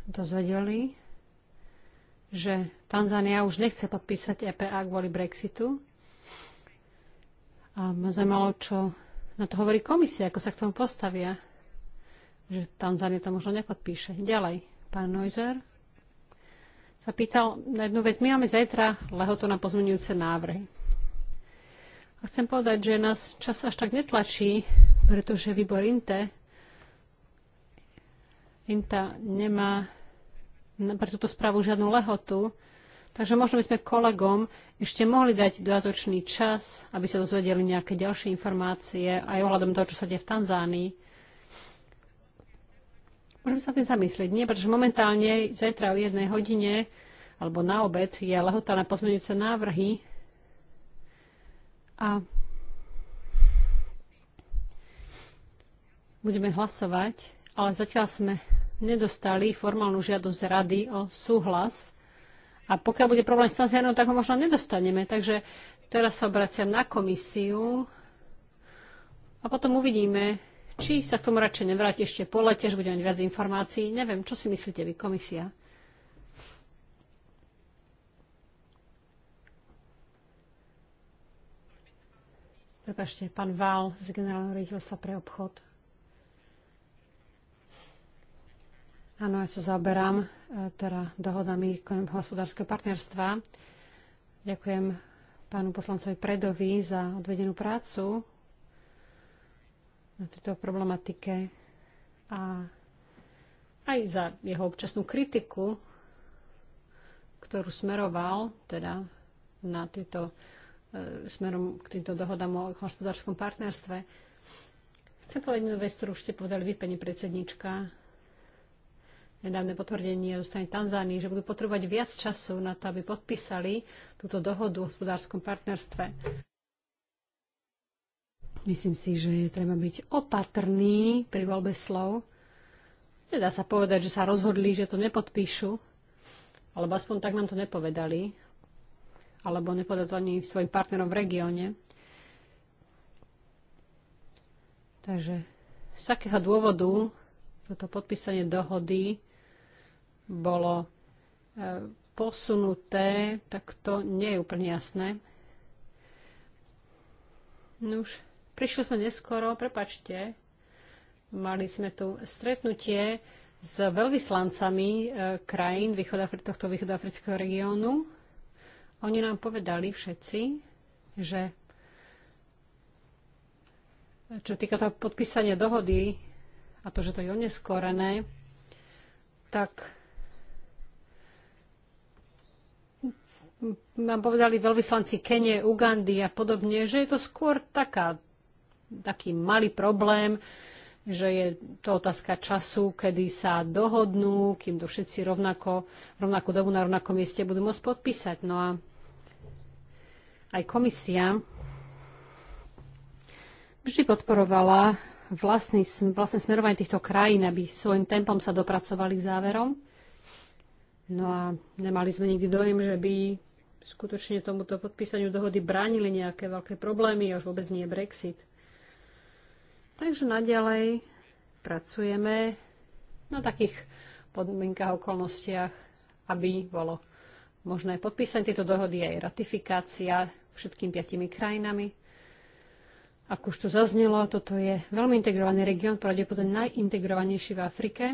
dozvedeli, že Tanzánia už nechce podpísať EPA kvôli Brexitu. A ma zaujímalo, čo na to hovorí komisia, ako sa k tomu postavia, že Tanzánia to možno nepodpíše. Ďalej, pán Neuser sa pýtal na jednu vec. My máme zajtra lehotu na pozmenujúce návrhy. A chcem povedať, že nás čas až tak netlačí, pretože výbor INTE INTA nemá pre túto správu žiadnu lehotu, takže možno by sme kolegom ešte mohli dať dodatočný čas, aby sa dozvedeli nejaké ďalšie informácie aj ohľadom toho, čo sa deje v Tanzánii. Môžeme sa tým zamyslieť, nie? Pretože momentálne zajtra o jednej hodine alebo na obed je lehota na pozmeňujúce návrhy a budeme hlasovať, ale zatiaľ sme nedostali formálnu žiadosť rady o súhlas. A pokiaľ bude problém s Tanzianou, tak ho možno nedostaneme. Takže teraz sa obraciam na komisiu a potom uvidíme, či sa k tomu radšej nevráti ešte po lete, že budeme mať viac informácií. Neviem, čo si myslíte vy, komisia? Prepašte, pán Vál z generálneho riaditeľstva pre obchod. Áno, ja sa zaoberám e, teda dohodami hospodárskeho partnerstva. Ďakujem pánu poslancovi Predovi za odvedenú prácu na tejto problematike a aj za jeho občasnú kritiku, ktorú smeroval teda na tieto, e, smerom k týmto dohodám o hospodárskom partnerstve. Chcem povedať jednu vec, ktorú už ste povedali vy, pani predsednička, nedávne potvrdenie zo strany Tanzánii, že budú potrebovať viac času na to, aby podpísali túto dohodu o hospodárskom partnerstve. Myslím si, že je treba byť opatrný pri voľbe slov. Nedá sa povedať, že sa rozhodli, že to nepodpíšu, alebo aspoň tak nám to nepovedali, alebo nepovedali to ani svojim partnerom v regióne. Takže z akého dôvodu toto podpísanie dohody bolo e, posunuté, tak to nie je úplne jasné. už, prišli sme neskoro, prepačte. Mali sme tu stretnutie s veľvyslancami e, krajín východafri- tohto východoafrického regiónu. Oni nám povedali všetci, že čo týka toho podpísania dohody a to, že to je oneskorené, tak nám povedali veľvyslanci Kenie, Ugandy a podobne, že je to skôr taká, taký malý problém, že je to otázka času, kedy sa dohodnú, kým to všetci rovnako, rovnakú dobu na rovnakom mieste budú môcť podpísať. No a aj komisia vždy podporovala vlastný, vlastné smerovanie týchto krajín, aby svojim tempom sa dopracovali k záverom. No a nemali sme nikdy dojem, že by skutočne tomuto podpísaniu dohody bránili nejaké veľké problémy, až vôbec nie Brexit. Takže naďalej pracujeme na takých podmienkach, okolnostiach, aby bolo možné podpísať tieto dohody aj ratifikácia všetkým piatimi krajinami. Ako už tu zaznelo, toto je veľmi integrovaný región, pravdepodobne najintegrovanejší v Afrike.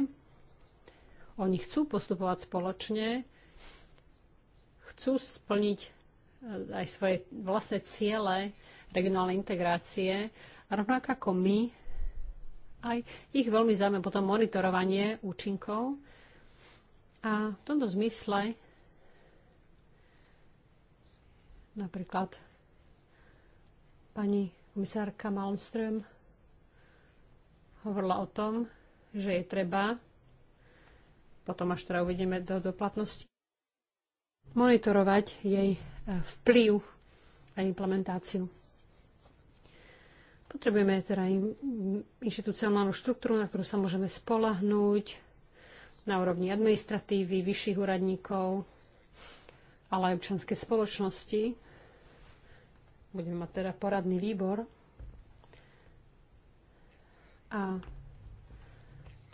Oni chcú postupovať spoločne, chcú splniť e, aj svoje vlastné ciele regionálnej integrácie, rovnako ako my, aj ich veľmi zaujíma potom monitorovanie účinkov. A v tomto zmysle napríklad pani komisárka Malmström hovorila o tom, že je treba potom až teda uvedieme do, do platnosti, monitorovať jej e, vplyv a implementáciu. Potrebujeme teda inštitucionálnu štruktúru, na ktorú sa môžeme spolahnúť na úrovni administratívy, vyšších úradníkov, ale aj občanskej spoločnosti. Budeme mať teda poradný výbor. A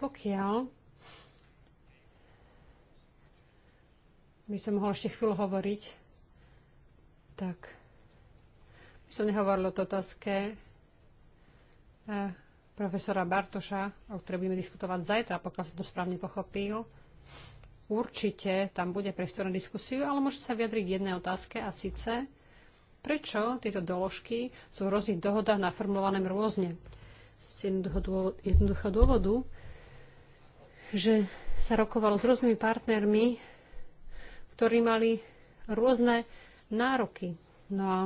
pokiaľ by som mohla ešte chvíľu hovoriť, tak by som nehovorila o otázke eh, profesora Bartoša, o ktorej budeme diskutovať zajtra, pokiaľ som to správne pochopil. Určite tam bude priestor na diskusiu, ale môžete sa vyjadriť k jednej otázke a síce, prečo tieto doložky sú v rôznych dohodách naformulované rôzne. Z jednoduchého dôvodu, že sa rokovalo s rôznymi partnermi ktorí mali rôzne nároky. No a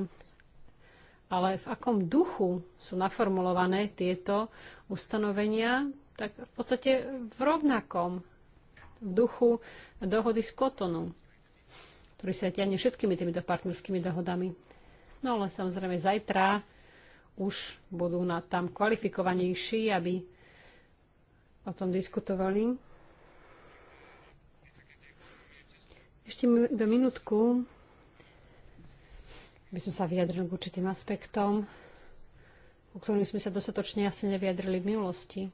ale v akom duchu sú naformulované tieto ustanovenia, tak v podstate v rovnakom v duchu dohody z Kotonu, ktorý sa ťahne všetkými týmito partnerskými dohodami. No ale samozrejme zajtra už budú na tam kvalifikovanejší, aby o tom diskutovali. Ešte iba minútku by som sa vyjadril k určitým aspektom, o ktorým sme sa dostatočne asi nevyjadrili v minulosti.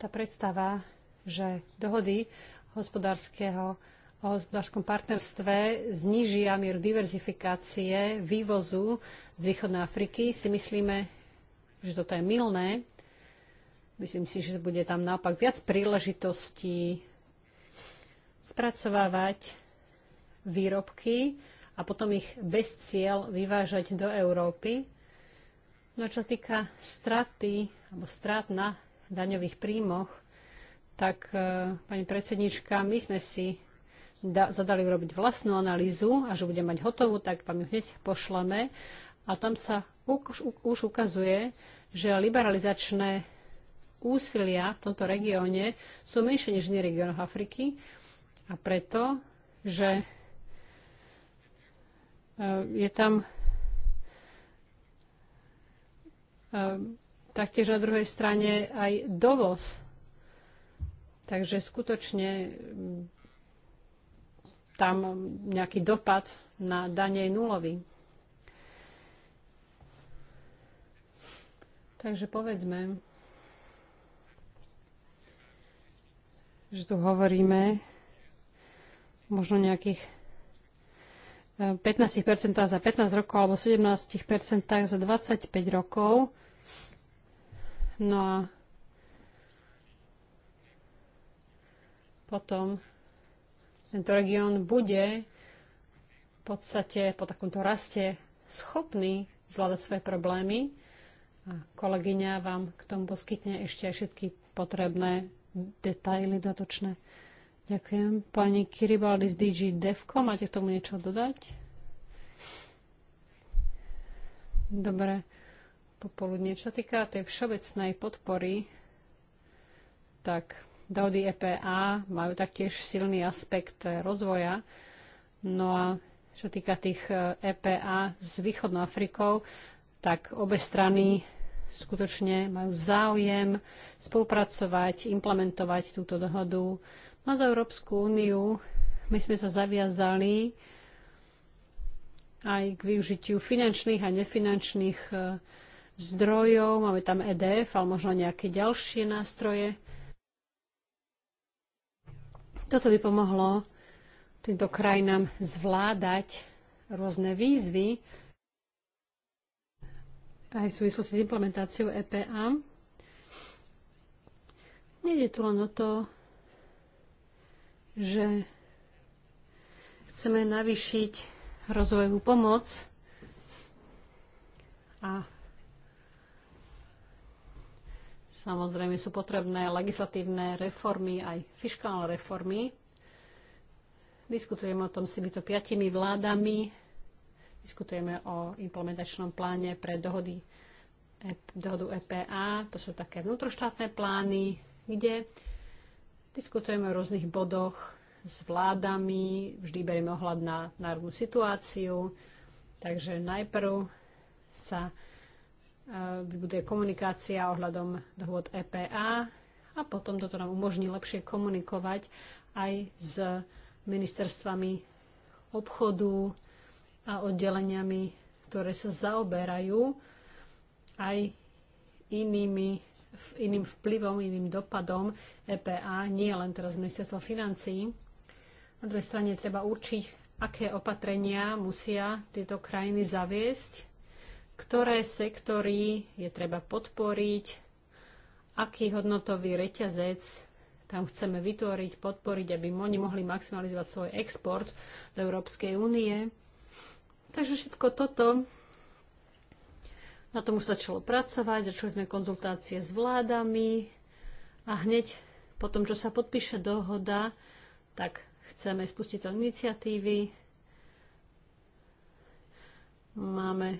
Tá predstava, že dohody hospodárskeho o hospodárskom partnerstve znižia mieru diverzifikácie vývozu z východnej Afriky, si myslíme, že toto je milné. Myslím si, že bude tam naopak viac príležitostí spracovávať výrobky a potom ich bez cieľ vyvážať do Európy. No čo týka straty alebo strat na daňových príjmoch, tak e, pani predsednička, my sme si da, zadali urobiť vlastnú analýzu a že bude mať hotovú, tak vám ju hneď pošleme. A tam sa už, už ukazuje, že liberalizačné úsilia v tomto regióne sú menšie než v regiónoch Afriky a preto, že e, je tam e, taktiež na druhej strane aj dovoz. Takže skutočne mm, tam nejaký dopad na danej nulový. Takže povedzme, že tu hovoríme možno nejakých 15% eh, za 15 rokov alebo 17% za 25 rokov. No a potom tento región bude v podstate po takomto raste schopný zvládať svoje problémy. A kolegyňa vám k tomu poskytne ešte aj všetky potrebné detaily dotočné. Ďakujem. Pani Kiribaldi z DG Devko, máte k tomu niečo dodať? Dobre. Popoludne, čo týka tej všeobecnej podpory, tak dohody EPA majú taktiež silný aspekt rozvoja. No a čo týka tých EPA e s východnou Afrikou, tak obe strany skutočne majú záujem spolupracovať, implementovať túto dohodu. No za Európsku úniu my sme sa zaviazali aj k využitiu finančných a nefinančných e, zdrojov. Máme tam EDF, ale možno nejaké ďalšie nástroje. Toto by pomohlo týmto krajinám zvládať rôzne výzvy aj v súvislosti s implementáciou EPA. Nejde tu len o to, že chceme navýšiť rozvojovú pomoc a Samozrejme sú potrebné legislatívne reformy, aj fiskálne reformy. Diskutujeme o tom s týmito piatimi vládami. Diskutujeme o implementačnom pláne pre dohody, e dohodu EPA. To sú také vnútroštátne plány, kde Diskutujeme o rôznych bodoch s vládami, vždy berieme ohľad na národnú situáciu, takže najprv sa e, vybuduje komunikácia ohľadom dohôd EPA a potom toto nám umožní lepšie komunikovať aj s ministerstvami obchodu a oddeleniami, ktoré sa zaoberajú aj inými iným vplyvom, iným dopadom EPA, nie len teraz ministerstvo financií. Na druhej strane treba určiť, aké opatrenia musia tieto krajiny zaviesť, ktoré sektory je treba podporiť, aký hodnotový reťazec tam chceme vytvoriť, podporiť, aby oni mohli maximalizovať svoj export do Európskej únie. Takže všetko toto na tom už začalo pracovať, začali sme konzultácie s vládami a hneď po tom, čo sa podpíše dohoda, tak chceme spustiť to iniciatívy. Máme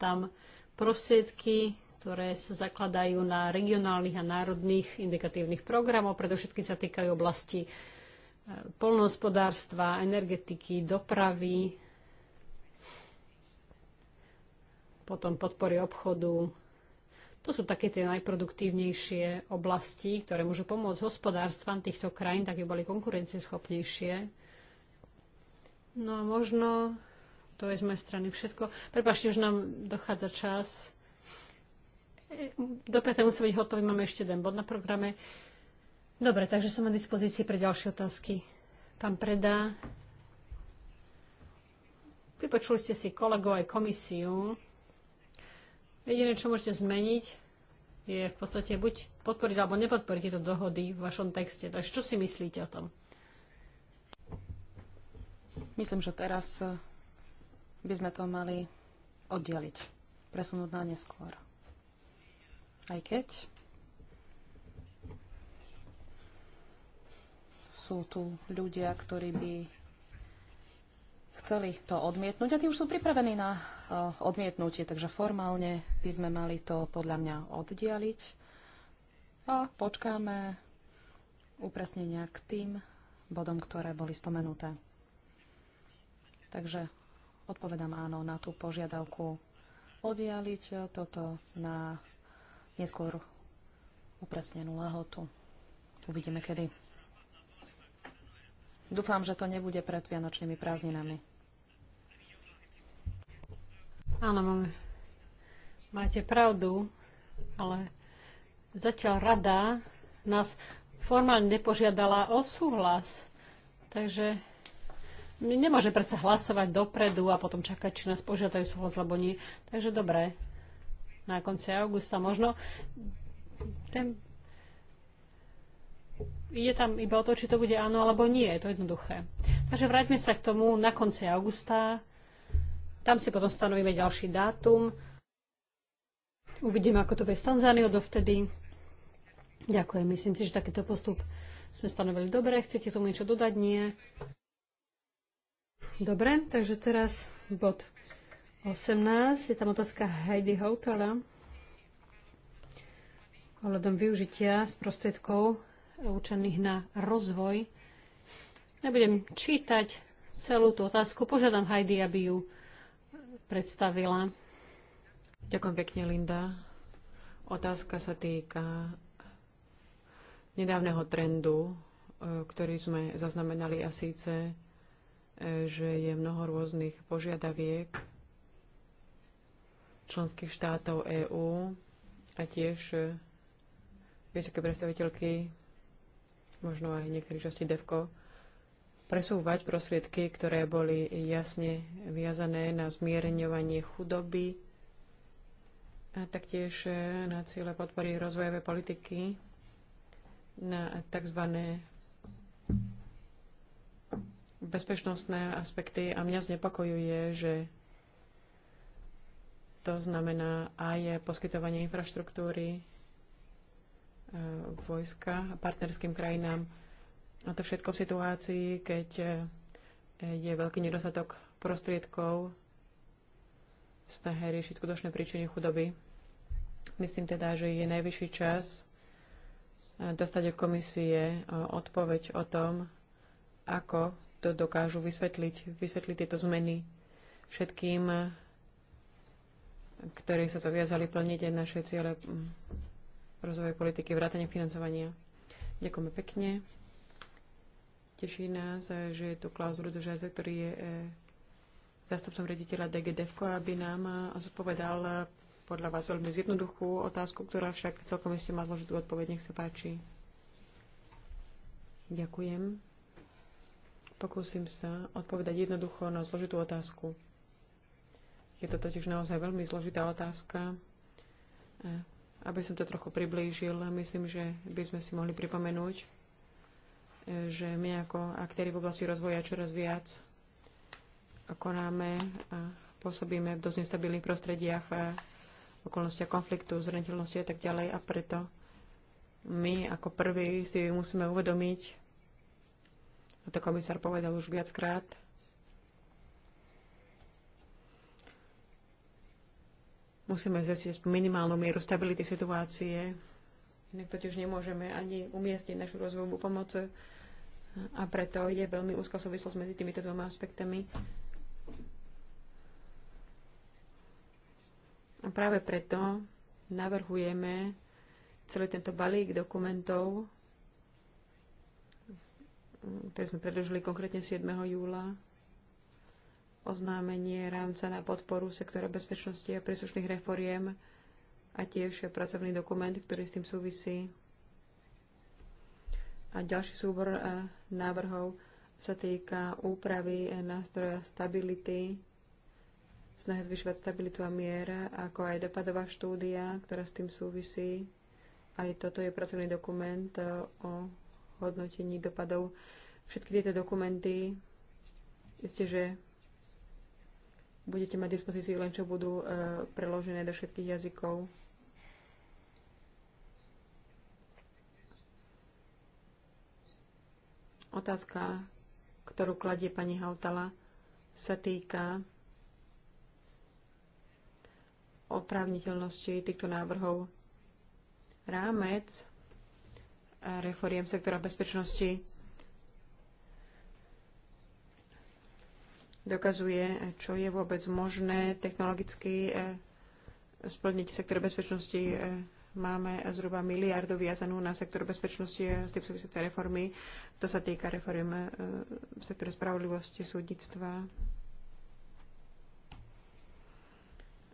tam prostriedky, ktoré sa zakladajú na regionálnych a národných indikatívnych programov, predovšetkým sa týkajú oblasti eh, polnohospodárstva, energetiky, dopravy, potom podpory obchodu. To sú také tie najproduktívnejšie oblasti, ktoré môžu pomôcť hospodárstvam týchto krajín, tak aby boli konkurencieschopnejšie. No a možno, to je z mojej strany všetko. Prepašte, už nám dochádza čas. E, do 5. musí byť hotový, máme ešte jeden bod na programe. Dobre, takže som na dispozícii pre ďalšie otázky. Pán Preda, vypočuli ste si kolegov aj komisiu. Jediné, čo môžete zmeniť, je v podstate buď podporiť alebo nepodporiť tieto dohody v vašom texte. Takže čo si myslíte o tom? Myslím, že teraz eh, by sme to mali oddeliť, presunúť na neskôr. Aj keď sú tu ľudia, ktorí by chceli to odmietnúť a tí už sú pripravení na e, odmietnutie, takže formálne by sme mali to podľa mňa oddialiť a počkáme upresnenia k tým bodom, ktoré boli spomenuté. Takže odpovedám áno na tú požiadavku oddialiť toto na neskôr upresnenú lahotu. Uvidíme kedy. Dúfam, že to nebude pred vianočnými prázdninami. Áno, máme. máte pravdu, ale zatiaľ rada nás formálne nepožiadala o súhlas. Takže nemôže predsa hlasovať dopredu a potom čakať, či nás požiadajú súhlas, alebo nie. Takže dobre, na konci augusta možno. Ten... Ide tam iba o to, či to bude áno alebo nie. Je to jednoduché. Takže vráťme sa k tomu na konci augusta tam si potom stanovíme ďalší dátum. Uvidíme, ako to bude s Tanzániou dovtedy. Ďakujem. Myslím si, že takýto postup sme stanovili dobre. Chcete tomu niečo dodať? Nie. Dobre, takže teraz bod 18. Je tam otázka Heidi Houtala ohľadom využitia prostriedkov určených na rozvoj. Nebudem čítať celú tú otázku. Požiadam Heidi, aby ju predstavila. Ďakujem pekne, Linda. Otázka sa týka nedávneho trendu, e, ktorý sme zaznamenali a síce, e, že je mnoho rôznych požiadaviek členských štátov EÚ a tiež e, vysoké predstaviteľky, možno aj niektorých časti DEVKO, presúvať prostriedky, ktoré boli jasne viazané na zmierňovanie chudoby a taktiež e, na ciele podpory rozvojovej politiky na tzv. bezpečnostné aspekty. A mňa znepokojuje, že to znamená aj poskytovanie infraštruktúry e, vojska partnerským krajinám a to všetko v situácii, keď e, je veľký nedostatok prostriedkov v snahe riešiť skutočné príčiny chudoby. Myslím teda, že je najvyšší čas e, dostať od komisie e, odpoveď o tom, ako to dokážu vysvetliť, vysvetliť tieto zmeny všetkým, ktorí sa zaviazali plniť aj naše ciele rozvoje politiky, vrátane financovania. Ďakujeme pekne. Teší nás, eh, že je tu Klaus Rudzožáze, ktorý je eh, zastupcom rediteľa DGDFko, aby nám eh, zodpovedal podľa vás veľmi zjednoduchú otázku, ktorá však celkom ešte má zložitú odpoveď. Nech sa páči. Ďakujem. Pokúsim sa odpovedať jednoducho na zložitú otázku. Je to totiž naozaj veľmi zložitá otázka. Aby som to trochu priblížil, myslím, že by sme si mohli pripomenúť, že my ako aktéry v oblasti rozvoja čoraz viac konáme a pôsobíme v dosť nestabilných prostrediach a okolnostiach konfliktu, zraniteľnosti a tak ďalej. A preto my ako prví si musíme uvedomiť, a to komisár povedal už viackrát, musíme zesiť minimálnu mieru stability situácie. Inak totiž nemôžeme ani umiestniť našu rozvojovú pomoc a preto je veľmi úzka súvislosť medzi týmito dvoma aspektami. A práve preto navrhujeme celý tento balík dokumentov, ktoré sme predložili konkrétne 7. júla, oznámenie rámca na podporu sektora bezpečnosti a príslušných reforiem a tiež pracovný dokument, ktorý s tým súvisí. A ďalší súbor e, návrhov sa týka úpravy e, nástroja stability, snahy zvyšovať stabilitu a mier, ako aj dopadová štúdia, ktorá s tým súvisí. Aj toto je pracovný dokument e, o hodnotení dopadov. Všetky tieto dokumenty, isté, že budete mať dispozíciu, len čo budú preložené do všetkých jazykov. Otázka, ktorú kladie pani Hautala, sa týka oprávniteľnosti týchto návrhov. Rámec reforiem sektora bezpečnosti dokazuje, čo je vôbec možné technologicky eh, splniť sektor bezpečnosti eh, Máme zhruba miliardu viazanú na sektor bezpečnosti a s tým súvisiace reformy. To sa týka reform e, v sektore spravodlivosti, súdnictva,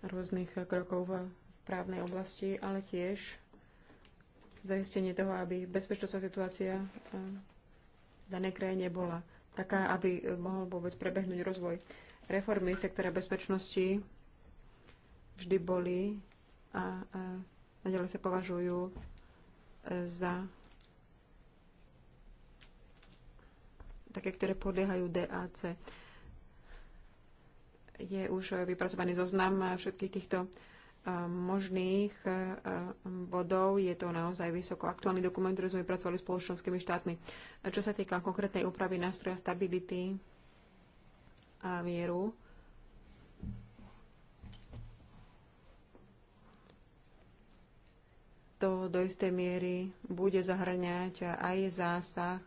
rôznych krokov v právnej oblasti, ale tiež zaistenie toho, aby bezpečnostná situácia e, v danej krajine bola taká, aby e, mohol vôbec prebehnúť rozvoj. Reformy sektora bezpečnosti vždy boli a, a nadalej sa považujú e, za také, ktoré podliehajú DAC. Je už vypracovaný zoznam všetkých týchto e, možných e, bodov. Je to naozaj vysoko aktuálny dokument, ktorý sme vypracovali s spoločenskými štátmi. Čo sa týka konkrétnej úpravy nástroja stability a mieru, to do istej miery bude zahrňať aj zásah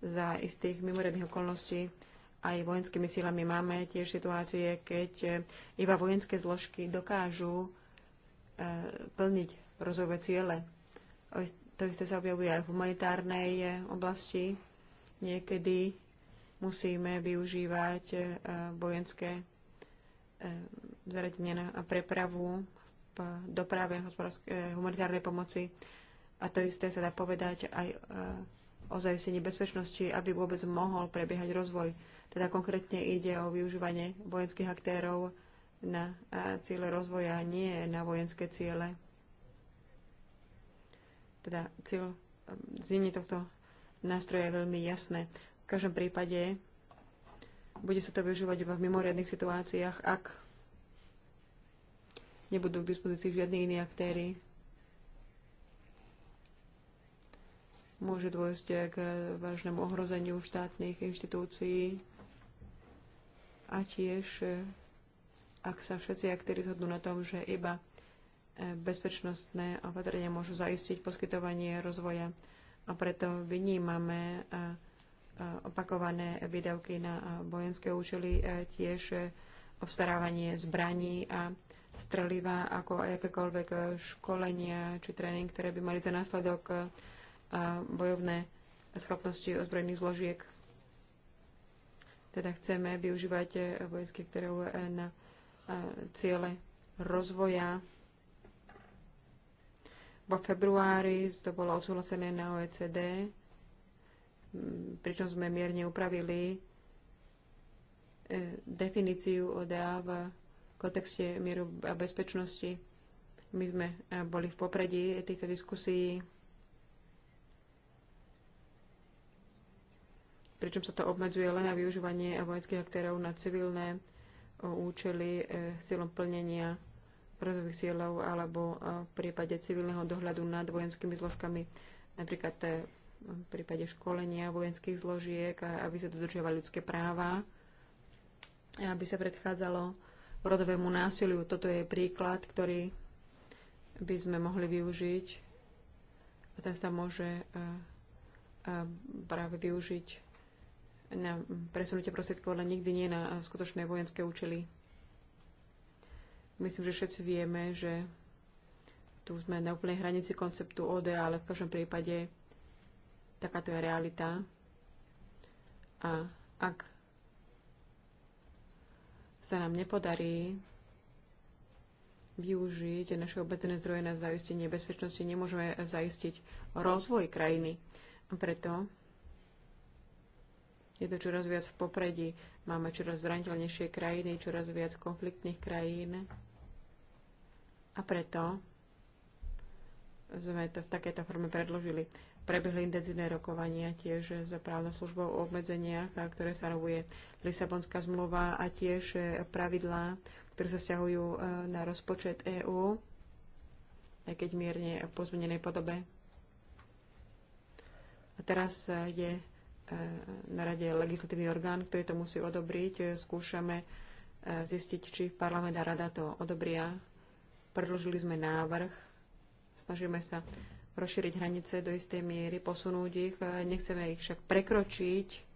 za istých mimoriadných okolností aj vojenskými silami. Máme tiež situácie, keď eh, iba vojenské zložky dokážu eh, plniť rozvojové ciele. To isté sa objavuje aj v humanitárnej eh, oblasti. Niekedy musíme využívať vojenské zariadenia na prepravu v doprave eh, humanitárnej pomoci. A to isté sa dá povedať aj eh, o zajistení bezpečnosti, aby vôbec mohol prebiehať rozvoj. Teda konkrétne ide o využívanie vojenských aktérov na eh, ciele rozvoja, nie na vojenské ciele. Teda cieľ znenie tohto nástroja je veľmi jasné. V každom prípade bude sa to využívať iba v mimoriadných situáciách, ak nebudú k dispozícii žiadni iní aktéry. Môže dôjsť k vážnemu ohrozeniu štátnych inštitúcií a tiež, ak sa všetci aktéry zhodnú na tom, že iba e, bezpečnostné opatrenia môžu zaistiť poskytovanie rozvoja a preto vynímame e, e, opakované výdavky na vojenské účely, tiež obstarávanie zbraní a streliva, ako aj akékoľvek školenia či tréning, ktoré by mali za následok eh, bojovné schopnosti ozbrojených zložiek. Teda chceme využívať eh, vojenské, ktoré eh, na ciele rozvoja. Vo februári to bolo odsúhlasené na OECD, mm, pričom sme mierne upravili definíciu ODA v kontexte mieru a bezpečnosti. My sme eh, boli v popredí týchto diskusí, pričom sa to obmedzuje len na využívanie vojenských aktérov na civilné eh, účely eh, silom plnenia rozvojových sílov alebo v prípade civilného dohľadu nad vojenskými zložkami, napríklad v prípade školenia vojenských zložiek, aby sa dodržiavali ľudské práva, aby sa predchádzalo rodovému násiliu. Toto je príklad, ktorý by sme mohli využiť a ten sa môže e, e, práve využiť na presunutie prostriedkov, ale nikdy nie na e, skutočné vojenské účely. Myslím, že všetci vieme, že tu sme na úplnej hranici konceptu OD, ale v každom prípade takáto je realita. A ak sa nám nepodarí využiť naše obecné zdroje na zaistenie bezpečnosti, nemôžeme zaistiť rozvoj krajiny. Preto je to čoraz viac v popredí. Máme čoraz zraniteľnejšie krajiny, čoraz viac konfliktných krajín. A preto sme to v takéto forme predložili. Prebehli intenzívne rokovania tiež za právnou službou o obmedzeniach, ktoré sa rovuje Lisabonská zmluva a tiež e, pravidlá, ktoré sa vzťahujú e, na rozpočet EÚ, aj keď mierne v pozmenenej podobe. A teraz e, je na rade legislatívny orgán, ktorý to musí odobriť. Skúšame zistiť, či parlament a rada to odobria. Predložili sme návrh, snažíme sa rozšíriť hranice do istej miery, posunúť ich. Nechceme ich však prekročiť,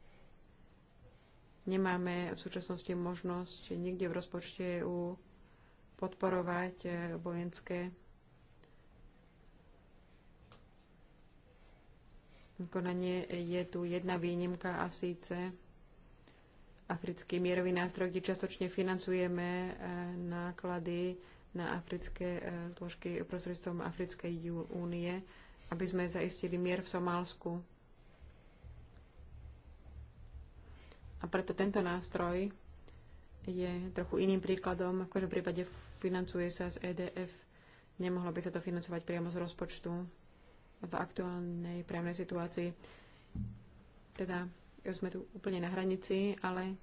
Nemáme v súčasnosti možnosť nikde v rozpočte EU podporovať e, vojenské konanie. Je tu jedna výnimka a síce africký mierový nástroj, kde častočne financujeme e, náklady na africké e, zložky prostredstvom Africkej únie, aby sme zaistili mier v Somálsku. A preto tento nástroj je trochu iným príkladom. V každom prípade financuje sa z EDF. Nemohlo by sa to financovať priamo z rozpočtu v aktuálnej právnej situácii. Teda sme tu úplne na hranici, ale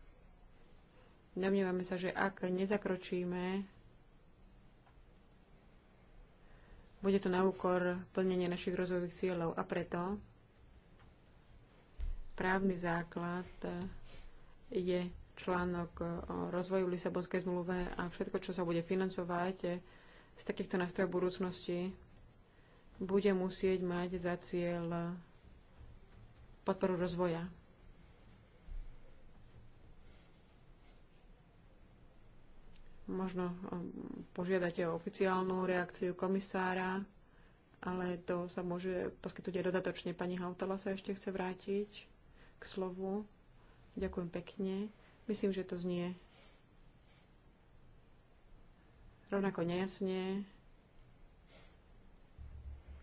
domnievame sa, že ak nezakročíme, bude to na úkor plnenia našich rozvojových cieľov a preto právny základ je článok o rozvoju Lisabonskej zmluve a všetko, čo sa bude financovať e, z takýchto nástrojov budúcnosti, bude musieť mať za cieľ podporu rozvoja. Možno e, požiadate o oficiálnu reakciu komisára, ale to sa môže poskytnúť aj dodatočne. Pani Hautala sa ešte chce vrátiť k slovu. Ďakujem pekne. Myslím, že to znie rovnako nejasne,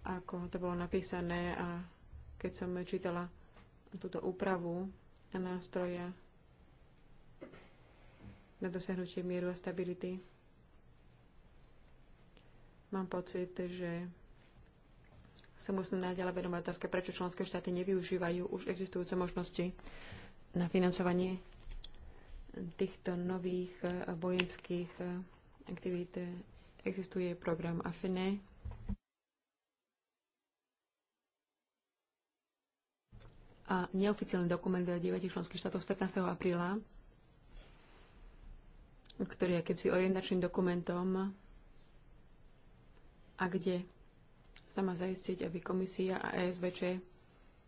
ako to bolo napísané a keď som čítala túto úpravu a nástroja na dosiahnutie mieru a stability, mám pocit, že sa musím náďalej venovať otázka, prečo členské štáty nevyužívajú už existujúce možnosti na financovanie týchto nových eh, vojenských eh, aktivít existuje program AFINE. A neoficiálny dokument 9 členských štátov z 15. apríla, ktorý je akýmsi orientačným dokumentom a kde sa má zaistiť, aby komisia a ESVČ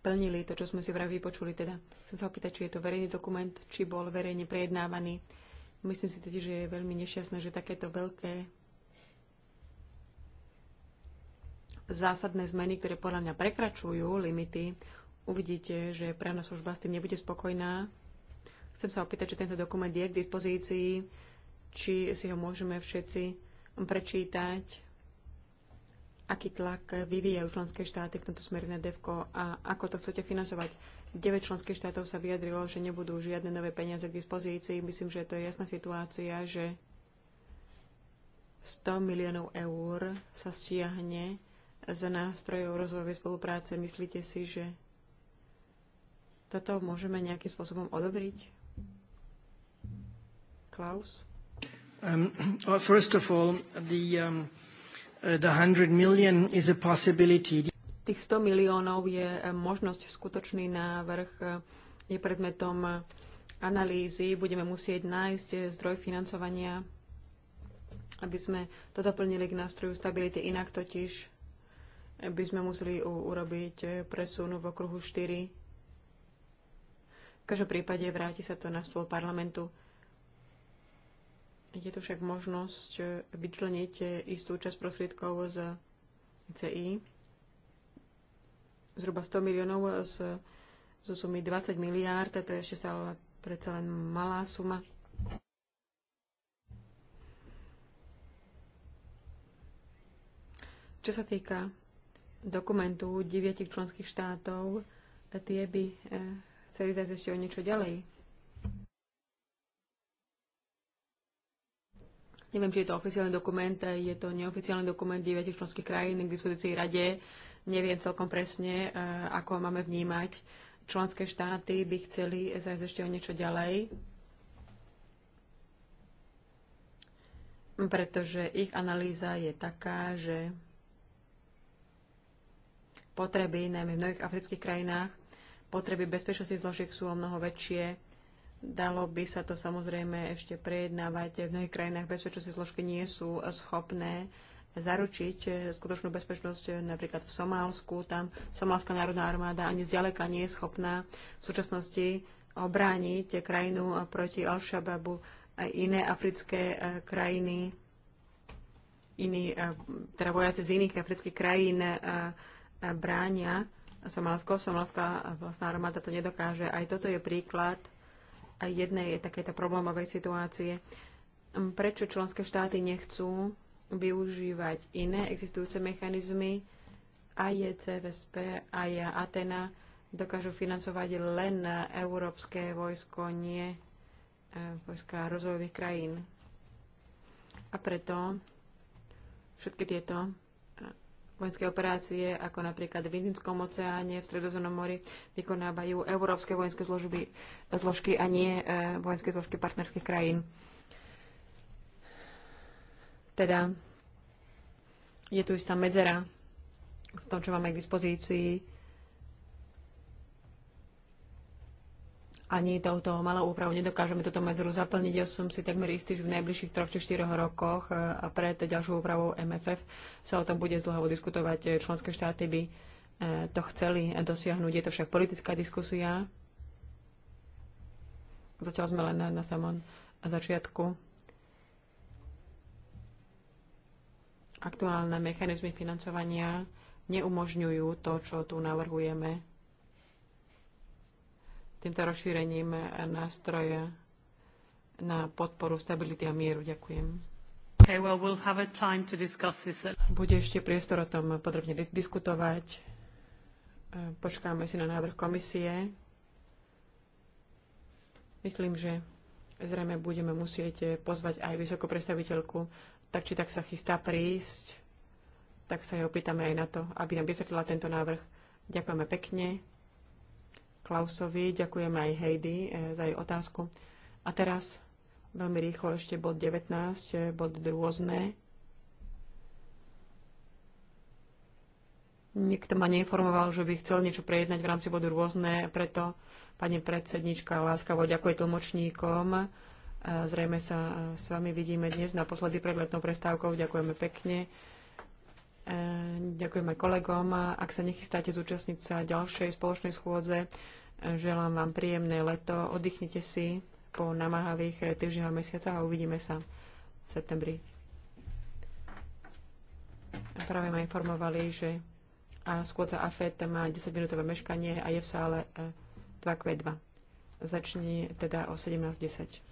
plnili to, čo sme si vraj vypočuli. Teda chcem sa opýtať, či je to verejný dokument, či bol verejne prejednávaný. Myslím si totiž, že je veľmi nešťastné, že takéto veľké zásadné zmeny, ktoré podľa mňa prekračujú limity, uvidíte, že právna služba s tým nebude spokojná. Chcem sa opýtať, či tento dokument je k dispozícii, či si ho môžeme všetci prečítať aký tlak vyvíjajú členské štáty v tomto smere na DEVKO a ako to chcete financovať. 9 členských štátov sa vyjadrilo, že nebudú žiadne nové peniaze k dispozícii. Myslím, že to je jasná situácia, že 100 miliónov eur sa stiahne za nástrojov rozvojovej spolupráce. Myslíte si, že toto môžeme nejakým spôsobom odobriť? Klaus? Um, first of all, the, um, Uh, Tých 100 miliónov je eh, možnosť, skutočný návrh eh, je predmetom eh, analýzy. Budeme musieť nájsť zdroj financovania, aby sme to doplnili k nástroju stability. Inak totiž by sme museli urobiť presun v okruhu 4. V každom prípade vráti sa to na stôl parlamentu. Je tu však možnosť e, vyčleniť e, istú časť prostriedkov z CI, zhruba 100 miliónov z, z sumy 20 miliárd, to je ešte stále predsa len malá suma. Čo sa týka dokumentu deviatich členských štátov, tie by e, chceli zajsť ešte o niečo ďalej Neviem, či je to oficiálny dokument, je to neoficiálny dokument 9 členských krajín k dispozícii rade. Neviem celkom presne, eh, ako máme vnímať. Členské štáty by chceli zajsť ešte o niečo ďalej, pretože ich analýza je taká, že potreby, najmä v mnohých afrických krajinách, potreby bezpečnosti zložiek sú o mnoho väčšie Dalo by sa to samozrejme ešte prejednávať. V mnohých krajinách bezpečnostné zložky nie sú schopné zaručiť skutočnú bezpečnosť napríklad v Somálsku. Tam Somálska národná armáda ani zďaleka nie je schopná v súčasnosti obrániť krajinu proti Al-Shababu. Aj iné africké e, krajiny, iní, e, teda vojaci z iných afrických krajín e, bránia Somálsko. Somálska vlastná armáda to nedokáže. Aj toto je príklad jednej takéto problémovej situácie. Prečo členské štáty nechcú využívať iné existujúce mechanizmy? Aj je CVSP, aj Atena dokážu financovať len európske vojsko, nie e, vojska rozvojových krajín. A preto všetky tieto vojenské operácie, ako napríklad v Indickom oceáne, v Stredozemnom mori, vykonávajú európske vojenské zložby, zložky a nie e, vojenské zložky partnerských krajín. Teda je tu istá medzera v tom, čo máme k dispozícii ani touto malou úpravou nedokážeme túto medzeru zaplniť. Ja som si takmer istý, že v najbližších 3 či 4 rokoch e, a pred ďalšou úpravou MFF sa o tom bude zdlhavo diskutovať. E, členské štáty by e, to chceli dosiahnuť. Je to však politická diskusia. Zatiaľ sme len na, na samom začiatku. Aktuálne mechanizmy financovania neumožňujú to, čo tu navrhujeme týmto rozšírením nástroje na podporu stability a mieru. Ďakujem. Okay, well, we'll have a time to discuss this. Bude ešte priestor o tom podrobne diskutovať. E, počkáme si na návrh komisie. Myslím, že zrejme budeme musieť e, pozvať aj vysokú predstaviteľku. Tak či tak sa chystá prísť, tak sa jej opýtame aj na to, aby nám vysvetlila tento návrh. Ďakujeme pekne. Klausovi, ďakujeme aj Heidi eh, za jej otázku. A teraz veľmi rýchlo ešte bod 19, eh, bod rôzne. Niekto ma neinformoval, že by chcel niečo prejednať v rámci bodu rôzne, preto pani predsednička láskavo ďakuje tlmočníkom. Eh, zrejme sa s vami vidíme dnes naposledy pred letnou prestávkou. Ďakujeme pekne. Ďakujem aj kolegom. Ak sa nechystáte zúčastniť sa ďalšej spoločnej schôdze, Želám vám príjemné leto, oddychnite si po namáhavých eh, týždňoch a mesiacoch a uvidíme sa v septembri. Práve ma informovali, že a skôdza AFET má 10-minútové meškanie a je v sále 2Q2. Eh, Začni teda o 17.10.